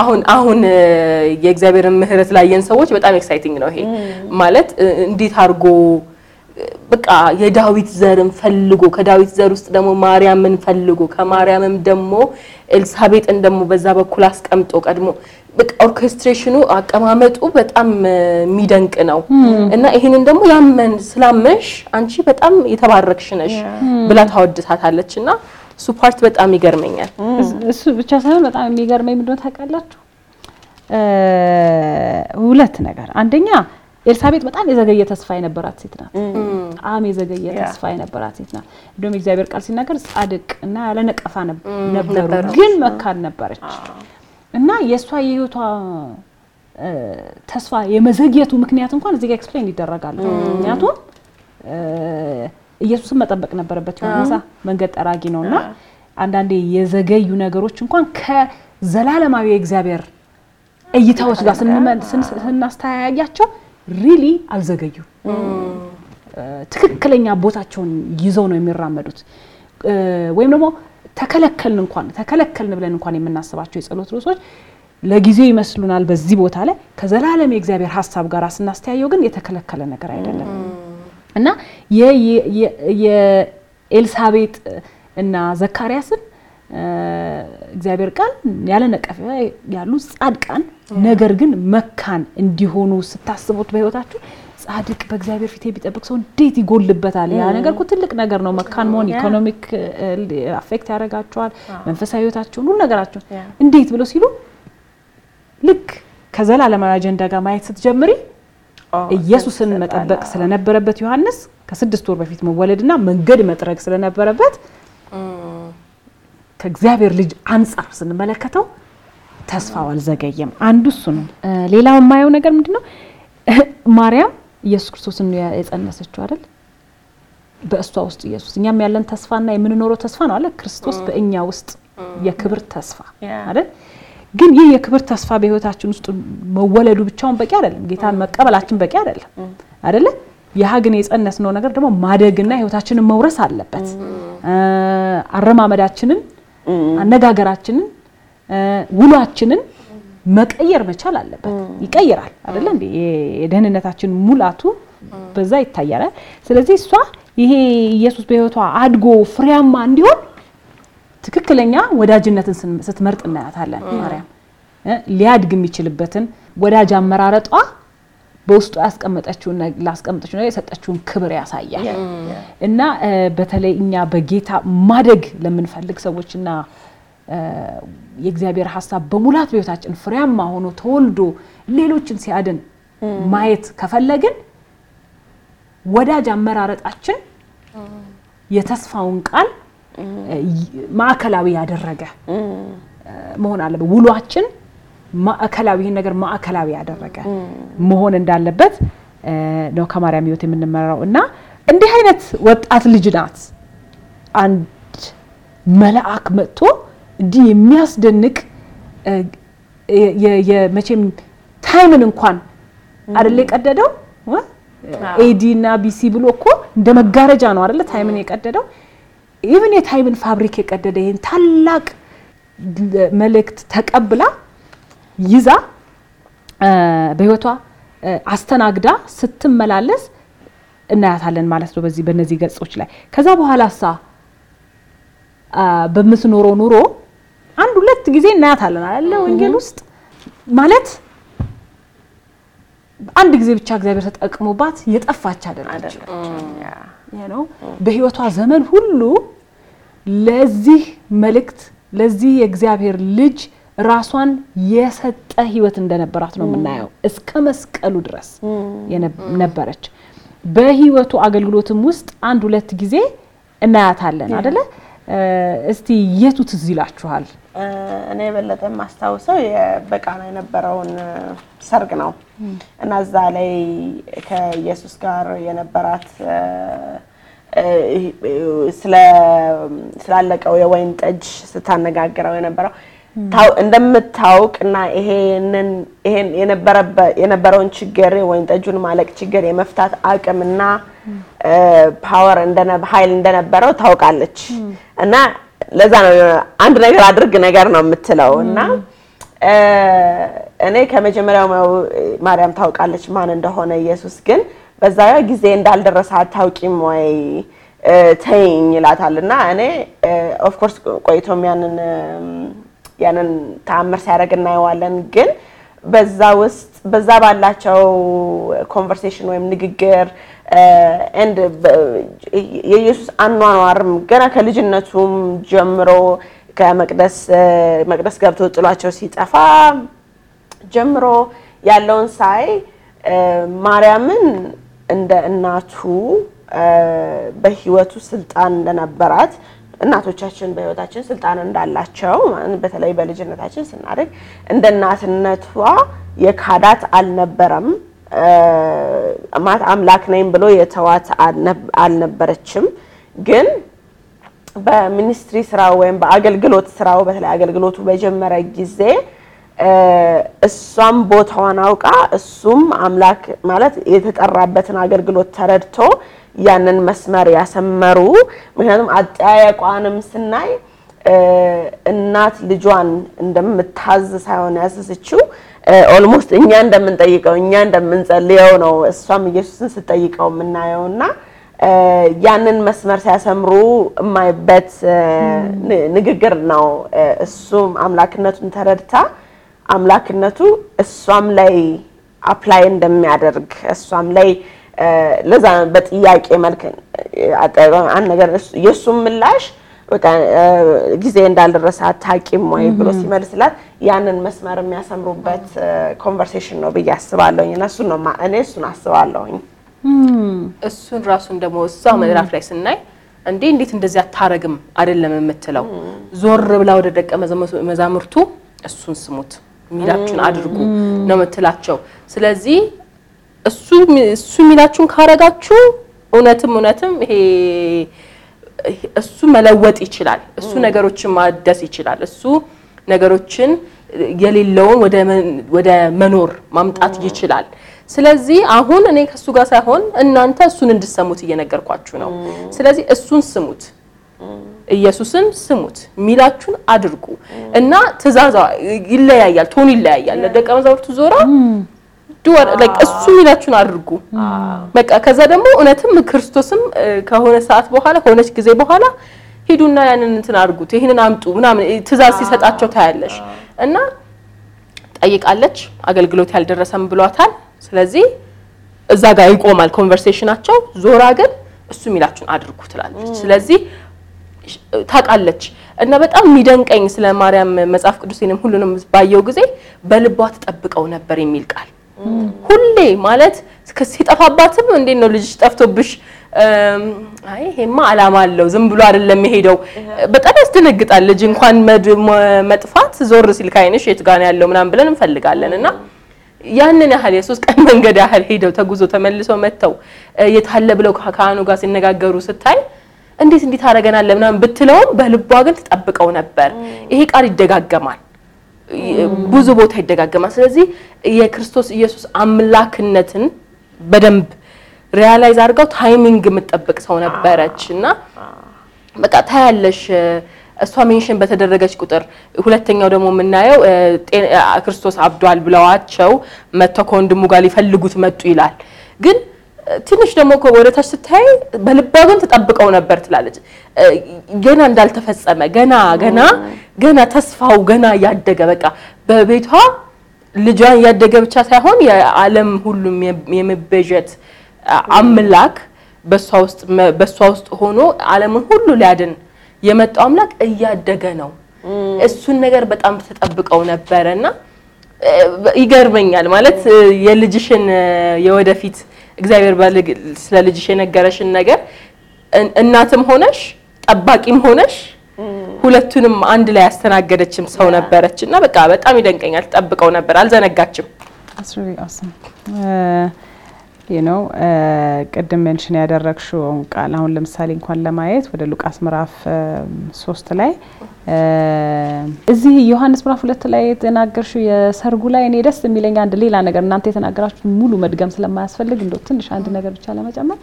አሁን አሁን የእግዚአብሔርን ምሕረት ላየን ሰዎች በጣም ኤክሳይቲንግ ነው። ይሄ ማለት እንዴት አድርጎ በቃ የዳዊት ዘርን ፈልጎ ከዳዊት ዘር ውስጥ ደግሞ ማርያምን ፈልጎ ከማርያምም ደግሞ ኤልሳቤጥን ደግሞ በዛ በኩል አስቀምጦ ቀድሞ በቃ ኦርኬስትሬሽኑ አቀማመጡ በጣም የሚደንቅ ነው hmm. እና ይሄንን ደግሞ ያመን ስላመንሽ አንቺ በጣም የተባረክሽ ነሽ hmm. ብላ ታወድሳታለች እና እሱ ፓርት በጣም ይገርመኛል። hmm. እሱ ብቻ ሳይሆን በጣም የሚገርመኝ ምንድነው ታውቃላችሁ? ሁለት ነገር፣ አንደኛ ኤልሳቤጥ በጣም የዘገየ ተስፋ የነበራት ሴት ናት። በጣም የዘገየ ተስፋ የነበራት ሴት ናት። እንዲሁም እግዚአብሔር ቃል ሲናገር ጻድቅ እና ያለ ነቀፋ ነበሩ፣ ግን መካን ነበረች። ah. እና የእሷ የህይወቷ ተስፋ የመዘግየቱ ምክንያት እንኳን እዚህ ጋር ኤክስፕሌን ይደረጋል። ምክንያቱም ኢየሱስን መጠበቅ ነበረበት። ዮሐንስ መንገድ ጠራጊ ነው እና አንዳንዴ የዘገዩ ነገሮች እንኳን ከዘላለማዊ የእግዚአብሔር እይታዎች ጋር ስናስተያያያቸው ሪሊ አልዘገዩ ትክክለኛ ቦታቸውን ይዘው ነው የሚራመዱት ወይም ደግሞ ተከለከልን እንኳን ተከለከልን ብለን እንኳን የምናስባቸው የጸሎት ርዕሶች ለጊዜው ይመስሉናል በዚህ ቦታ ላይ ከዘላለም የእግዚአብሔር ሀሳብ ጋር ስናስተያየው ግን የተከለከለ ነገር አይደለም እና የኤልሳቤጥ እና ዘካርያስን እግዚአብሔር ቃል ያለ ነቀፈ ያሉ ጻድቃን ነገር ግን መካን እንዲሆኑ ስታስቡት በህይወታችሁ ጻድቅ በእግዚአብሔር ፊት የሚጠብቅ ሰው እንዴት ይጎልበታል? ያ ነገር እኮ ትልቅ ነገር ነው። መካን መሆን ኢኮኖሚክ አፌክት ያደርጋቸዋል፣ መንፈሳዊ ህይወታቸውን፣ ሁሉ ነገራቸውን እንዴት ብሎ ሲሉ ልክ ከዘላለማዊ አጀንዳ ጋር ማየት ስትጀምሪ ኢየሱስን መጠበቅ ስለነበረበት ዮሐንስ ከስድስት ወር በፊት መወለድና መንገድ መጥረግ ስለነበረበት ከእግዚአብሔር ልጅ አንጻር ስንመለከተው ተስፋው አልዘገየም። አንዱ እሱ ነው። ሌላው የማየው ነገር ምንድን ነው? ማርያም ኢየሱስ ክርስቶስን ነው የጸነሰችው አይደል? በእሷ ውስጥ ኢየሱስ እኛም ያለን ተስፋና የምንኖረው ተስፋ ነው አለ ክርስቶስ በእኛ ውስጥ የክብር ተስፋ አይደል? ግን ይህ የክብር ተስፋ በህይወታችን ውስጥ መወለዱ ብቻውን በቂ አይደለም። ጌታን መቀበላችን በቂ አይደለም አይደለ? ያ ግን የጸነስነው ነገር ደግሞ ማደግና ህይወታችንን መውረስ አለበት። አረማመዳችንን፣ አነጋገራችንን፣ ውሏችንን መቀየር መቻል አለበት። ይቀይራል አይደለ እንዴ? የደህንነታችን ሙላቱ በዛ ይታያል። ስለዚህ እሷ ይሄ ኢየሱስ በህይወቷ አድጎ ፍሬያማ እንዲሆን ትክክለኛ ወዳጅነትን ስትመርጥ እናያታለን። ማርያም ሊያድግ የሚችልበትን ወዳጅ አመራረጧ በውስጡ ያስቀመጠችውን ላስቀመጠችው ነገር የሰጠችውን ክብር ያሳያል እና በተለይ እኛ በጌታ ማደግ ለምንፈልግ ሰዎችና የእግዚአብሔር ሀሳብ በሙላት ቤታችን ፍሬያማ ሆኖ ተወልዶ ሌሎችን ሲያድን ማየት ከፈለግን ወዳጅ አመራረጣችን የተስፋውን ቃል ማዕከላዊ ያደረገ መሆን አለበት። ውሏችን ማዕከላዊ ይህን ነገር ማዕከላዊ ያደረገ መሆን እንዳለበት ነው ከማርያም ህይወት የምንመራው እና እንዲህ አይነት ወጣት ልጅ ናት። አንድ መልአክ መጥቶ እንዲህ የሚያስደንቅ የመቼም ታይምን እንኳን አይደለ የቀደደው ኤዲ እና ቢሲ ብሎ እኮ እንደ መጋረጃ ነው አይደለ ታይምን የቀደደው። ኢቭን የታይምን ፋብሪክ የቀደደ ይህን ታላቅ መልእክት ተቀብላ ይዛ በህይወቷ አስተናግዳ ስትመላለስ እናያታለን ማለት ነው። በዚህ በእነዚህ ገጾች ላይ ከዛ በኋላ ሳ በምትኖረው ኑሮ አንድ ሁለት ጊዜ እናያታለን አለ ወንጌል ውስጥ ማለት አንድ ጊዜ ብቻ እግዚአብሔር ተጠቅሞባት የጠፋች አደረገች ነው። በህይወቷ ዘመን ሁሉ ለዚህ መልእክት ለዚህ የእግዚአብሔር ልጅ ራሷን የሰጠ ህይወት እንደነበራት ነው የምናየው። እስከ መስቀሉ ድረስ ነበረች። በህይወቱ አገልግሎትም ውስጥ አንድ ሁለት ጊዜ እናያታለን አደለ እስቲ የቱ ትዝ ይላችኋል? እኔ የበለጠ የማስታውሰው በቃና የነበረውን ሰርግ ነው እና እዛ ላይ ከኢየሱስ ጋር የነበራት ስላለቀው የወይን ጠጅ ስታነጋግረው የነበረው እንደምታውቅ እና ይሄንን የነበረውን ችግር የወይን ጠጁን ማለቅ ችግር የመፍታት አቅምና ፓወር ኃይል እንደነበረው ታውቃለች እና ለዛ ነው አንድ ነገር አድርግ ነገር ነው የምትለው እና እኔ ከመጀመሪያው ማርያም ታውቃለች ማን እንደሆነ ኢየሱስ ግን በዛ ጊዜ እንዳልደረሰ አታውቂም ወይ ተይኝ ይላታል እና እኔ ኦፍኮርስ ቆይቶም ያንን ያንን ተአምር ሲያደርግ እናየዋለን ግን በዛ ውስጥ በዛ ባላቸው ኮንቨርሴሽን ወይም ንግግር የኢየሱስ አኗኗርም ገና ከልጅነቱም ጀምሮ ከመቅደስ መቅደስ ገብቶ ጥሏቸው ሲጠፋ ጀምሮ ያለውን ሳይ ማርያምን እንደ እናቱ በህይወቱ ስልጣን እንደነበራት እናቶቻችን በህይወታችን ስልጣን እንዳላቸው በተለይ በልጅነታችን ስናደግ እንደ እናትነቷ የካዳት አልነበረም። ማት አምላክ ነኝ ብሎ የተዋት አልነበረችም። ግን በሚኒስትሪ ስራው ወይም በአገልግሎት ስራው በተለይ አገልግሎቱ በጀመረ ጊዜ እሷም ቦታዋን አውቃ እሱም አምላክ ማለት የተጠራበትን አገልግሎት ተረድቶ ያንን መስመር ያሰመሩ። ምክንያቱም አጠያየቋንም ስናይ እናት ልጇን እንደምታዝ ሳይሆን ያዘዘችው ኦልሞስት እኛ እንደምንጠይቀው እኛ እንደምንጸልየው ነው እሷም ኢየሱስን ስጠይቀው የምናየው እና ያንን መስመር ሲያሰምሩ የማይበት ንግግር ነው። እሱም አምላክነቱን ተረድታ አምላክነቱ እሷም ላይ አፕላይ እንደሚያደርግ እሷም ላይ ለዛ በጥያቄ መልክ አንድ ነገር የእሱም ምላሽ በቃ ጊዜ እንዳልረሳ ታቂም ወይ ብሎ ሲመልስላት ያንን መስመር የሚያሰምሩበት ኮንቨርሴሽን ነው ብዬ አስባለሁኝ። እና እሱን ነው እኔ እሱን አስባለሁኝ። እሱን ራሱን ደግሞ እዛው ምዕራፍ ላይ ስናይ እንዴ እንዴት እንደዚህ አታረግም አይደለም የምትለው፣ ዞር ብላ ወደ ደቀ መዛሙርቱ እሱን ስሙት የሚላችሁን አድርጉ ነው የምትላቸው። ስለዚህ እሱ እሱ የሚላችሁን ካረጋችሁ እውነትም እውነትም ይሄ እሱ መለወጥ ይችላል። እሱ ነገሮችን ማደስ ይችላል። እሱ ነገሮችን የሌለውን ወደ መኖር ማምጣት ይችላል። ስለዚህ አሁን እኔ ከእሱ ጋር ሳይሆን እናንተ እሱን እንድሰሙት እየነገርኳችሁ ነው። ስለዚህ እሱን ስሙት፣ ኢየሱስን ስሙት፣ ሚላችሁን አድርጉ እና ትእዛዛ ይለያያል፣ ቶን ይለያያል። ለደቀ መዛሙርቱ ዞራ እሱ የሚላችሁን አድርጉ። በቃ ከዛ ደግሞ እውነትም ክርስቶስም ከሆነ ሰዓት በኋላ ከሆነች ጊዜ በኋላ ሂዱና ያንን እንትን አድርጉት፣ ይህንን አምጡ ምናምን ትእዛዝ ሲሰጣቸው ታያለሽ። እና ጠይቃለች፣ አገልግሎት ያልደረሰም ብሏታል። ስለዚህ እዛ ጋር ይቆማል ኮንቨርሴሽናቸው። ዞራ ግን እሱ የሚላችሁን አድርጉ ትላለች። ስለዚህ ታውቃለች እና በጣም የሚደንቀኝ ስለ ማርያም መጽሐፍ ቅዱሴንም ሁሉንም ባየው ጊዜ በልቧ ትጠብቀው ነበር የሚል ቃል ሁሌ ማለት ሲጠፋባትም እንዴት ነው ልጅ ጠፍቶብሽ? አይ ይሄማ አላማ አለው ዝም ብሎ አይደለም የሄደው። በጣም ያስደነግጣል። ልጅ እንኳን መጥፋት ዞር ሲል ካይንሽ የት ጋር ያለው ምናምን ብለን እንፈልጋለን እና ያንን ያህል የሶስት ቀን መንገድ ያህል ሄደው ተጉዞ ተመልሶ መጥተው የታለ ብለው ከካህኑ ጋር ሲነጋገሩ ስታይ እንዴት እንዴት ታደርገናለህ ምናምን ብትለውም በልቧ ግን ትጠብቀው ነበር። ይሄ ቃል ይደጋገማል። ብዙ ቦታ ይደጋገማል። ስለዚህ የክርስቶስ ኢየሱስ አምላክነትን በደንብ ሪያላይዝ አድርገው ታይሚንግ የምጠብቅ ሰው ነበረች እና በቃ ታያለሽ እሷ ሜንሽን በተደረገች ቁጥር ሁለተኛው ደግሞ የምናየው ክርስቶስ አብዷል ብለዋቸው መጥተው ከወንድሙ ጋር ሊፈልጉት መጡ ይላል። ግን ትንሽ ደግሞ ወደ ታች ስታይ በልባ ግን ትጠብቀው ነበር ትላለች። ገና እንዳልተፈጸመ ገና ገና ገና ተስፋው ገና ያደገ በቃ በቤቷ ልጇን እያደገ ብቻ ሳይሆን የዓለም ሁሉም የመበጀት አምላክ በእሷ ውስጥ ሆኖ ዓለምን ሁሉ ሊያድን የመጣው አምላክ እያደገ ነው። እሱን ነገር በጣም ተጠብቀው ነበረ እና ይገርመኛል ማለት የልጅሽን የወደፊት እግዚአብሔር ስለ ልጅሽ የነገረሽን ነገር እናትም ሆነሽ ጠባቂም ሆነሽ ሁለቱንም አንድ ላይ ያስተናገደችም ሰው ነበረች እና በቃ በጣም ይደንቀኛል። ጠብቀው ነበር፣ አልዘነጋችም። ነው uh, uh, ቅድም መንሽን ያደረግሽው ቃል አሁን ለምሳሌ እንኳን ለማየት ወደ ሉቃስ ምዕራፍ uh, ሶስት ላይ እዚህ ዮሐንስ ምዕራፍ ሁለት ላይ የተናገርሽው የሰርጉ ላይ እኔ ደስ የሚለኝ አንድ ሌላ ነገር እናንተ የተናገራችሁ ሙሉ መድገም ስለማያስፈልግ እንደው ትንሽ አንድ ነገር ብቻ ለመጨመር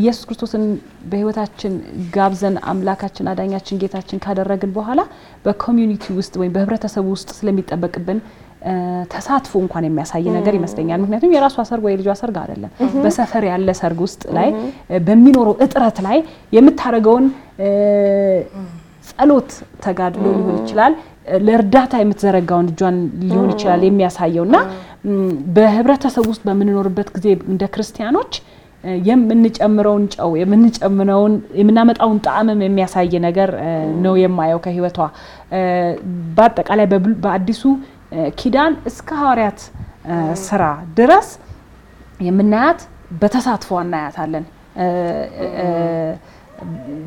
ኢየሱስ ክርስቶስን በህይወታችን ጋብዘን አምላካችን አዳኛችን ጌታችን ካደረግን በኋላ በኮሚዩኒቲ ውስጥ ወይም በህብረተሰቡ ውስጥ ስለሚጠበቅብን ተሳትፎ እንኳን የሚያሳይ ነገር ይመስለኛል። ምክንያቱም የራሷ ሰርግ ወይ ልጇ ሰርግ አይደለም፣ በሰፈር ያለ ሰርግ ውስጥ ላይ በሚኖረው እጥረት ላይ የምታደርገውን ጸሎት ተጋድሎ ሊሆን ይችላል፣ ለእርዳታ የምትዘረጋውን እጇን ሊሆን ይችላል የሚያሳየው እና በህብረተሰብ ውስጥ በምንኖርበት ጊዜ እንደ ክርስቲያኖች የምንጨምረውን ጨው የምንጨምረውን የምናመጣውን ጣዕምም የሚያሳይ ነገር ነው የማየው ከህይወቷ። በአጠቃላይ በአዲሱ ኪዳን እስከ ሐዋርያት ስራ ድረስ የምናያት በተሳትፎ እናያታለን።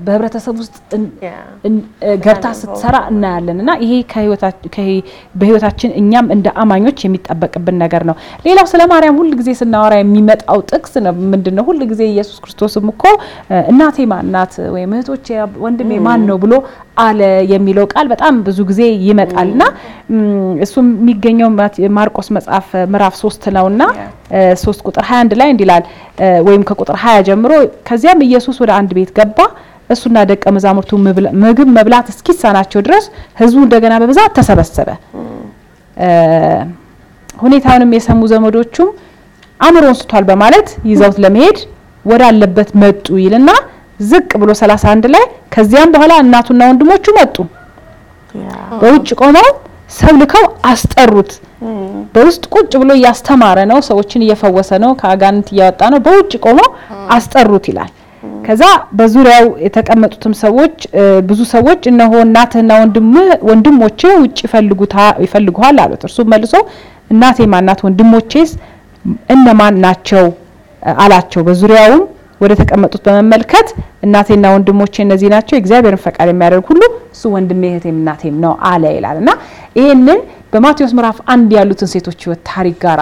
በህብረተሰብ ውስጥ ገብታ ስትሰራ እናያለን እና ይሄ በህይወታችን እኛም እንደ አማኞች የሚጠበቅብን ነገር ነው። ሌላው ስለ ማርያም ሁል ጊዜ ስናወራ የሚመጣው ጥቅስ ምንድን ነው? ሁል ጊዜ ኢየሱስ ክርስቶስም እኮ እናቴ ማናት ወይም እህቶቼ ወንድሜ ማን ነው ብሎ አለ የሚለው ቃል በጣም ብዙ ጊዜ ይመጣል እና እሱም የሚገኘው ማርቆስ መጽሐፍ ምዕራፍ ሶስት ነውና ሶስት ቁጥር 21 ላይ እንዲላል ወይም ከቁጥር 20 ጀምሮ ከዚያም ኢየሱስ ወደ አንድ ቤት ገባ እሱና ደቀ መዛሙርቱ ምግብ መብላት እስኪሳናቸው ድረስ ህዝቡ እንደገና በብዛት ተሰበሰበ። ሁኔታውንም የሰሙ ዘመዶቹም አምሮን ስቷል በማለት ይዘውት ለመሄድ ወዳለበት መጡ ይልና ዝቅ ብሎ 31 ላይ ከዚያም በኋላ እናቱና ወንድሞቹ መጡ በውጭ ቆመው ሰብ ልከው አስጠሩት። በውስጥ ቁጭ ብሎ እያስተማረ ነው፣ ሰዎችን እየፈወሰ ነው፣ ከአጋንንት እያወጣ ነው። በውጭ ቆሞ አስጠሩት ይላል። ከዛ በዙሪያው የተቀመጡትም ሰዎች ብዙ ሰዎች እነሆ እናትህና ወንድሞቼ ውጭ ይፈልጉሃል አሉት። እርሱም መልሶ እናቴ ማናት? ወንድሞቼስ እነማን ናቸው? አላቸው። በዙሪያውም ወደ ተቀመጡት በመመልከት እናቴና ወንድሞቼ እነዚህ ናቸው፣ የእግዚአብሔርን ፈቃድ የሚያደርግ ሁሉ እሱ ወንድሜ እህቴም እናቴም ነው አለ ይላል እና ይህንን በማቴዎስ ምዕራፍ አንድ ያሉትን ሴቶች ህይወት ታሪክ ጋራ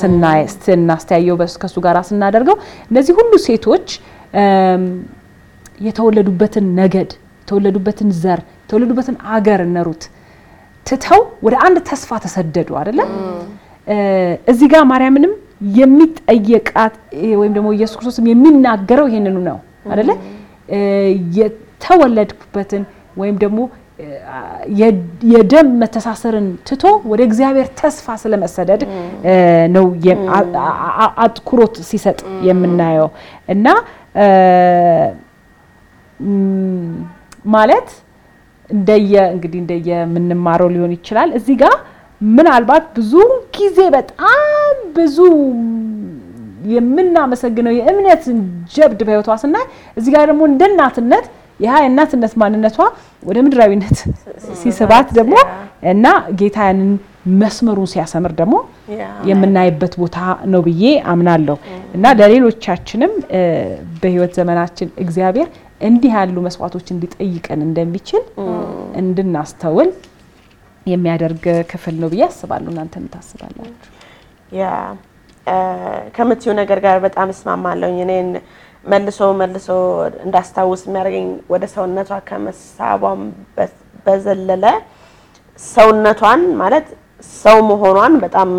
ስናስተያየው ከእሱ ጋራ ስናደርገው እነዚህ ሁሉ ሴቶች የተወለዱበትን ነገድ፣ የተወለዱበትን ዘር፣ የተወለዱበትን አገር እነሩት ትተው ወደ አንድ ተስፋ ተሰደዱ አይደለም። እዚህ ጋር ማርያምንም የሚጠየቃት ወይም ደግሞ ኢየሱስ ክርስቶስም የሚናገረው ይህንኑ ነው አደለ? የተወለድኩበትን ወይም ደግሞ የደም መተሳሰርን ትቶ ወደ እግዚአብሔር ተስፋ ስለመሰደድ ነው አትኩሮት ሲሰጥ የምናየው እና ማለት እንደየ እንግዲህ እንደየ የምንማረው ሊሆን ይችላል እዚህ ጋር ምናልባት ብዙ ጊዜ በጣም ብዙ የምናመሰግነው የእምነትን ጀብድ በህይወቷ ስናይ እዚህ ጋር ደግሞ እንደ እናትነት ያ የእናትነት ማንነቷ ወደ ምድራዊነት (laughs) ሲስባት ደግሞ እና ጌታ ያንን መስመሩን ሲያሰምር ደግሞ የምናይበት ቦታ ነው ብዬ አምናለሁ እና ለሌሎቻችንም በህይወት ዘመናችን እግዚአብሔር እንዲህ ያሉ መስዋዕቶች እንዲጠይቀን እንደሚችል እንድናስተውል የሚያደርግ ክፍል ነው ብዬ አስባለሁ። እናንተ ምታስባላችሁ? ያ ከምትዩ ነገር ጋር በጣም እስማማለሁ። እኔን መልሶ መልሶ እንዳስታውስ የሚያደርገኝ ወደ ሰውነቷ ከመሳቧም በዘለለ ሰውነቷን ማለት ሰው መሆኗን በጣም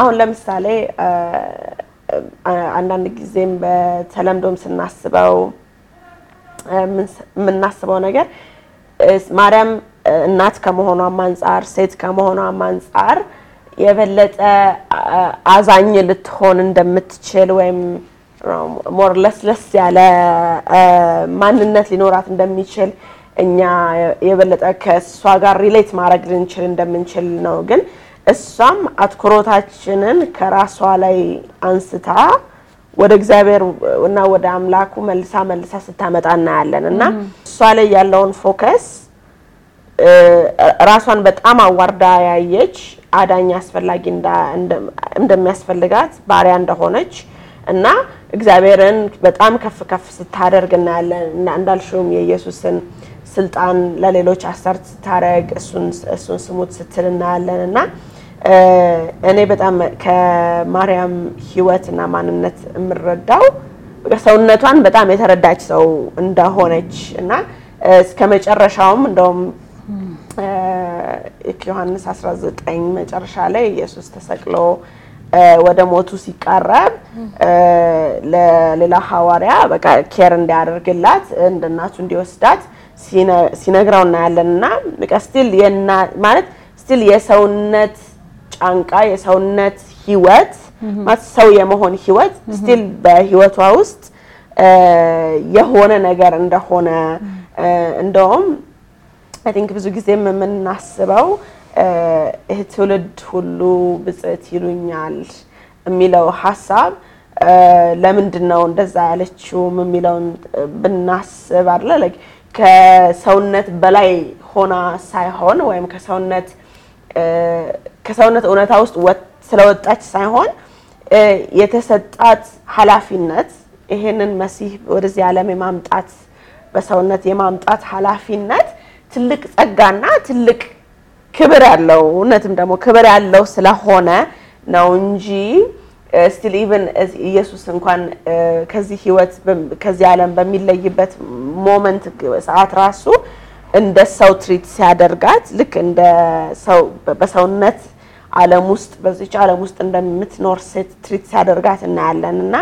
አሁን ለምሳሌ አንዳንድ ጊዜም በተለምዶም ስናስበው የምናስበው ነገር ማርያም እናት ከመሆኗም አንጻር ሴት ከመሆኗም አንጻር የበለጠ አዛኝ ልትሆን እንደምትችል ወይም ሞር ለስለስ ያለ ማንነት ሊኖራት እንደሚችል እኛ የበለጠ ከእሷ ጋር ሪሌት ማድረግ ልንችል እንደምንችል ነው። ግን እሷም አትኩሮታችንን ከራሷ ላይ አንስታ ወደ እግዚአብሔር እና ወደ አምላኩ መልሳ መልሳ ስታመጣ እናያለን እና እሷ ላይ ያለውን ፎከስ ራሷን በጣም አዋርዳ ያየች አዳኝ አስፈላጊ እንደሚያስፈልጋት ባሪያ እንደሆነች እና እግዚአብሔርን በጣም ከፍ ከፍ ስታደርግ እናያለን እና እንዳልሽውም የኢየሱስን ስልጣን ለሌሎች አሰርት ስታደርግ እሱን ስሙት ስትል እናያለን እና እኔ በጣም ከማርያም ሕይወት እና ማንነት የምረዳው ሰውነቷን በጣም የተረዳች ሰው እንደሆነች እና እስከ መጨረሻውም እንደውም ዮሐንስ 19 መጨረሻ ላይ ኢየሱስ ተሰቅሎ ወደ ሞቱ ሲቃረብ ለሌላ ሐዋርያ በቃ ኬር እንዲያደርግላት እንደ እናቱ እንዲወስዳት ሲነግረው እናያለን እና በቃ ስቲል ማለት ስቲል የሰውነት ጫንቃ የሰውነት ህይወት ማለት ሰው የመሆን ህይወት ስቲል በህይወቷ ውስጥ የሆነ ነገር እንደሆነ እንደውም አይ ቲንክ ብዙ ጊዜ የምናስበው ትውልድ ሁሉ ብጽዕት ይሉኛል የሚለው ሀሳብ ለምንድን ነው እንደዛ ያለችውም የሚለውን ብናስብ አለ ከሰውነት በላይ ሆና ሳይሆን ወይም ከሰውነት ከሰውነት እውነታ ውስጥ ስለወጣች ሳይሆን የተሰጣት ኃላፊነት ይሄንን መሲህ ወደዚህ ዓለም የማምጣት በሰውነት የማምጣት ኃላፊነት ትልቅ ጸጋና ትልቅ ክብር ያለው እውነትም ደግሞ ክብር ያለው ስለሆነ ነው እንጂ ስቲል ኢቨን ኢየሱስ እንኳን ከዚህ ህይወት ከዚህ ዓለም በሚለይበት ሞመንት ሰዓት ራሱ እንደ ሰው ትሪት ሲያደርጋት ልክ እንደ ሰው በሰውነት ዓለም ውስጥ በዚች ዓለም ውስጥ እንደምትኖር ሴት ትሪት ሲያደርጋት እናያለን። እና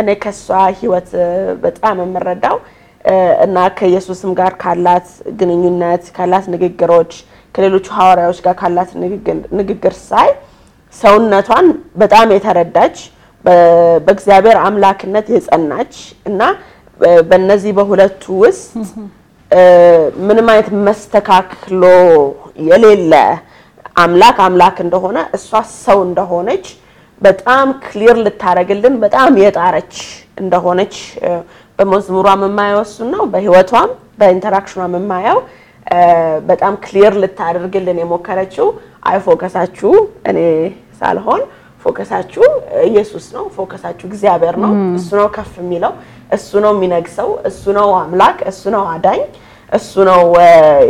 እኔ ከሷ ህይወት በጣም የምረዳው እና ከኢየሱስም ጋር ካላት ግንኙነት ካላት ንግግሮች ከሌሎቹ ሐዋርያዎች ጋር ካላት ንግግር ሳይ ሰውነቷን በጣም የተረዳች በእግዚአብሔር አምላክነት የጸናች እና በእነዚህ በሁለቱ ውስጥ (laughs) ምንም አይነት መስተካክሎ የሌለ አምላክ አምላክ እንደሆነ እሷ ሰው እንደሆነች በጣም ክሊር ልታደርግልን በጣም የጣረች እንደሆነች በመዝሙሯ የማየው እሱን ነው። በህይወቷም በኢንተራክሽኗ የማየው በጣም ክሊር ልታደርግልን የሞከረችው አይ ፎከሳችሁ እኔ ሳልሆን ፎከሳችሁ ኢየሱስ ነው፣ ፎከሳችሁ እግዚአብሔር ነው። እሱ ነው ከፍ የሚለው፣ እሱ ነው የሚነግሰው፣ እሱ ነው አምላክ፣ እሱ ነው አዳኝ፣ እሱ ነው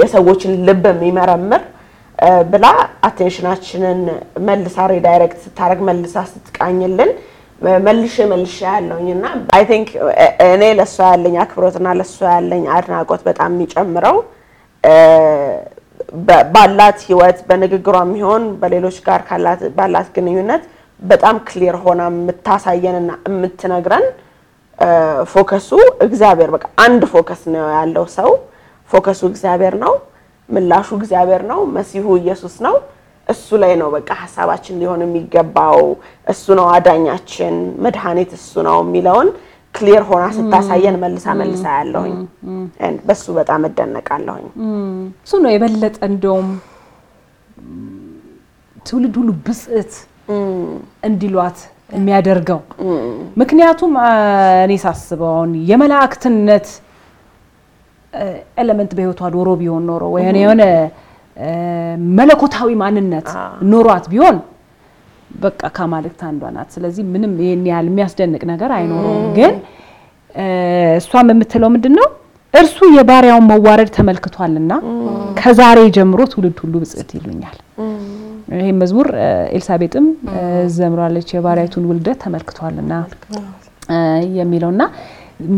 የሰዎችን ልብ የሚመረምር ብላ አቴንሽናችንን መልሳ ሪዳይሬክት ስታደርግ መልሳ ስትቃኝልን መልሼ መልሼ ያለውኝ እና አይ ቲንክ እኔ ለእሷ ያለኝ አክብሮትና ለእሷ ያለኝ አድናቆት በጣም የሚጨምረው ባላት ህይወት በንግግሯ የሚሆን በሌሎች ጋር ባላት ግንኙነት በጣም ክሊር ሆና የምታሳየንና የምትነግረን ፎከሱ እግዚአብሔር በቃ አንድ ፎከስ ነው ያለው ሰው ፎከሱ እግዚአብሔር ነው። ምላሹ እግዚአብሔር ነው፣ መሲሁ ኢየሱስ ነው። እሱ ላይ ነው በቃ ሀሳባችን ሊሆን የሚገባው። እሱ ነው አዳኛችን፣ መድኃኒት እሱ ነው የሚለውን ክሊር ሆና ስታሳየን መልሳ መልሳ ያለሁኝ በሱ በጣም እደነቃለሁኝ። እሱ ነው የበለጠ እንደውም ትውልድ ሁሉ ብጽት እንዲሏት የሚያደርገው ምክንያቱም እኔ ሳስበውን የመላእክትነት ኤለመንት በህይወቷ ዶሮ ቢሆን ኖሮ ወይ የሆነ መለኮታዊ ማንነት ኖሯት ቢሆን በቃ ከማልክት አንዷ ናት። ስለዚህ ምንም ይሄን ያህል የሚያስደንቅ ነገር አይኖረውም። ግን እሷም የምትለው ምንድን ነው እርሱ የባሪያውን መዋረድ ተመልክቷልና ከዛሬ ጀምሮ ትውልድ ሁሉ ብጽዕት ይሉኛል። ይህ መዝሙር ኤልሳቤጥም ዘምሯለች የባሪያቱን ውልደት ተመልክቷልና የሚለውና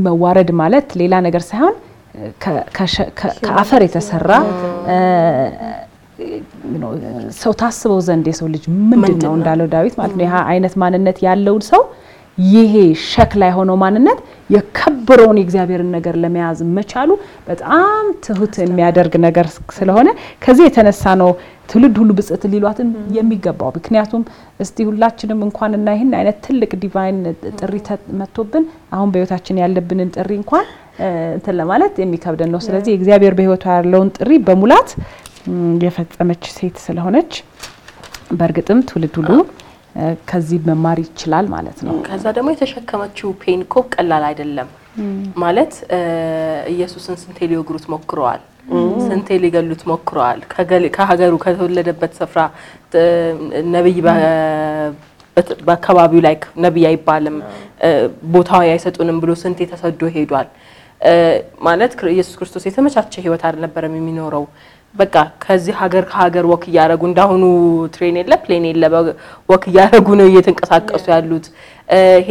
መዋረድ ማለት ሌላ ነገር ሳይሆን ከአፈር የተሰራ ሰው ታስበው ዘንድ የሰው ልጅ ምንድን ነው እንዳለው ዳዊት ማለት ነው። ይህ አይነት ማንነት ያለውን ሰው ይሄ ሸክላ የሆነው ማንነት የከበረውን የእግዚአብሔርን ነገር ለመያዝ መቻሉ በጣም ትሁት የሚያደርግ ነገር ስለሆነ ከዚህ የተነሳ ነው ትውልድ ሁሉ ብጽት ሊሏትን የሚገባው። ምክንያቱም እስቲ ሁላችንም እንኳን እና ይህን አይነት ትልቅ ዲቫይን ጥሪ መጥቶብን አሁን በህይወታችን ያለብንን ጥሪ እንኳን እንትን ለማለት የሚከብደን ነው። ስለዚህ እግዚአብሔር በህይወቷ ያለውን ጥሪ በሙላት የፈጸመች ሴት ስለሆነች በእርግጥም ትውልድ ሁሉ ከዚህ መማር ይችላል ማለት ነው። ከዛ ደግሞ የተሸከመችው ፔን ኮ ቀላል አይደለም ማለት ኢየሱስን ስንቴ ሊወግሩት ሞክረዋል፣ ስንቴ ሊገሉት ሞክረዋል። ከሀገሩ ከተወለደበት ስፍራ ነብይ በአካባቢው ላይ ነብይ አይባልም ቦታው አይሰጡንም ብሎ ስንቴ ተሰዶ ሄዷል። ማለት ኢየሱስ ክርስቶስ የተመቻቸ ህይወት አልነበረም የሚኖረው በቃ ከዚህ ሀገር ከሀገር ወክ እያደረጉ እንዳሁኑ ትሬን የለ ፕሌን የለ ወክ እያደረጉ ነው እየተንቀሳቀሱ ያሉት። ይሄ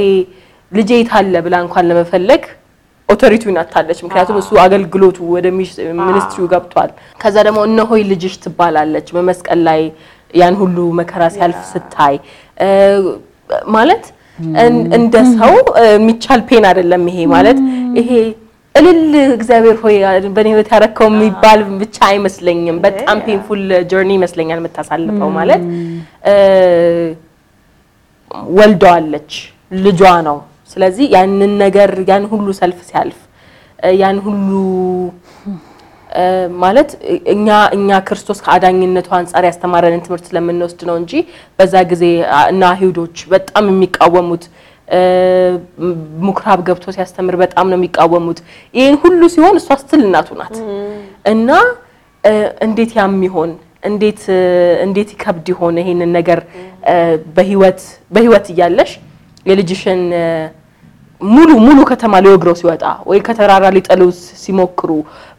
ልጄ የታለ ብላ እንኳን ለመፈለግ ኦቶሪቲውን አታለች። ምክንያቱም እሱ አገልግሎቱ ወደ ሚኒስትሪው ገብቷል። ከዛ ደግሞ እነሆይ ልጅሽ ትባላለች። በመስቀል ላይ ያን ሁሉ መከራ ሲያልፍ ስታይ ማለት እንደ ሰው የሚቻል ፔን አይደለም ይሄ ማለት ይሄ እልል እግዚአብሔር ሆይ በእኔ ህይወት ያረከው የሚባል ብቻ አይመስለኝም። በጣም ፔንፉል ጆርኒ ይመስለኛል የምታሳልፈው። ማለት ወልደዋለች፣ ልጇ ነው። ስለዚህ ያንን ነገር ያን ሁሉ ሰልፍ ሲያልፍ ያን ሁሉ ማለት እኛ እኛ ክርስቶስ ከአዳኝነቱ አንጻር ያስተማረንን ትምህርት ስለምንወስድ ነው እንጂ በዛ ጊዜ እና አይሁዶች በጣም የሚቃወሙት ምኩራብ ገብቶ ሲያስተምር በጣም ነው የሚቃወሙት። ይህን ሁሉ ሲሆን እሷ ስትል እናቱ ናት እና እንዴት ያም ይሆን እንዴት እንዴት ይከብድ ይሆን ይሄንን ነገር በህይወት በህይወት እያለሽ የልጅሽን ሙሉ ሙሉ ከተማ ሊወግረው ሲወጣ ወይ ከተራራ ሊጠሉ ሲሞክሩ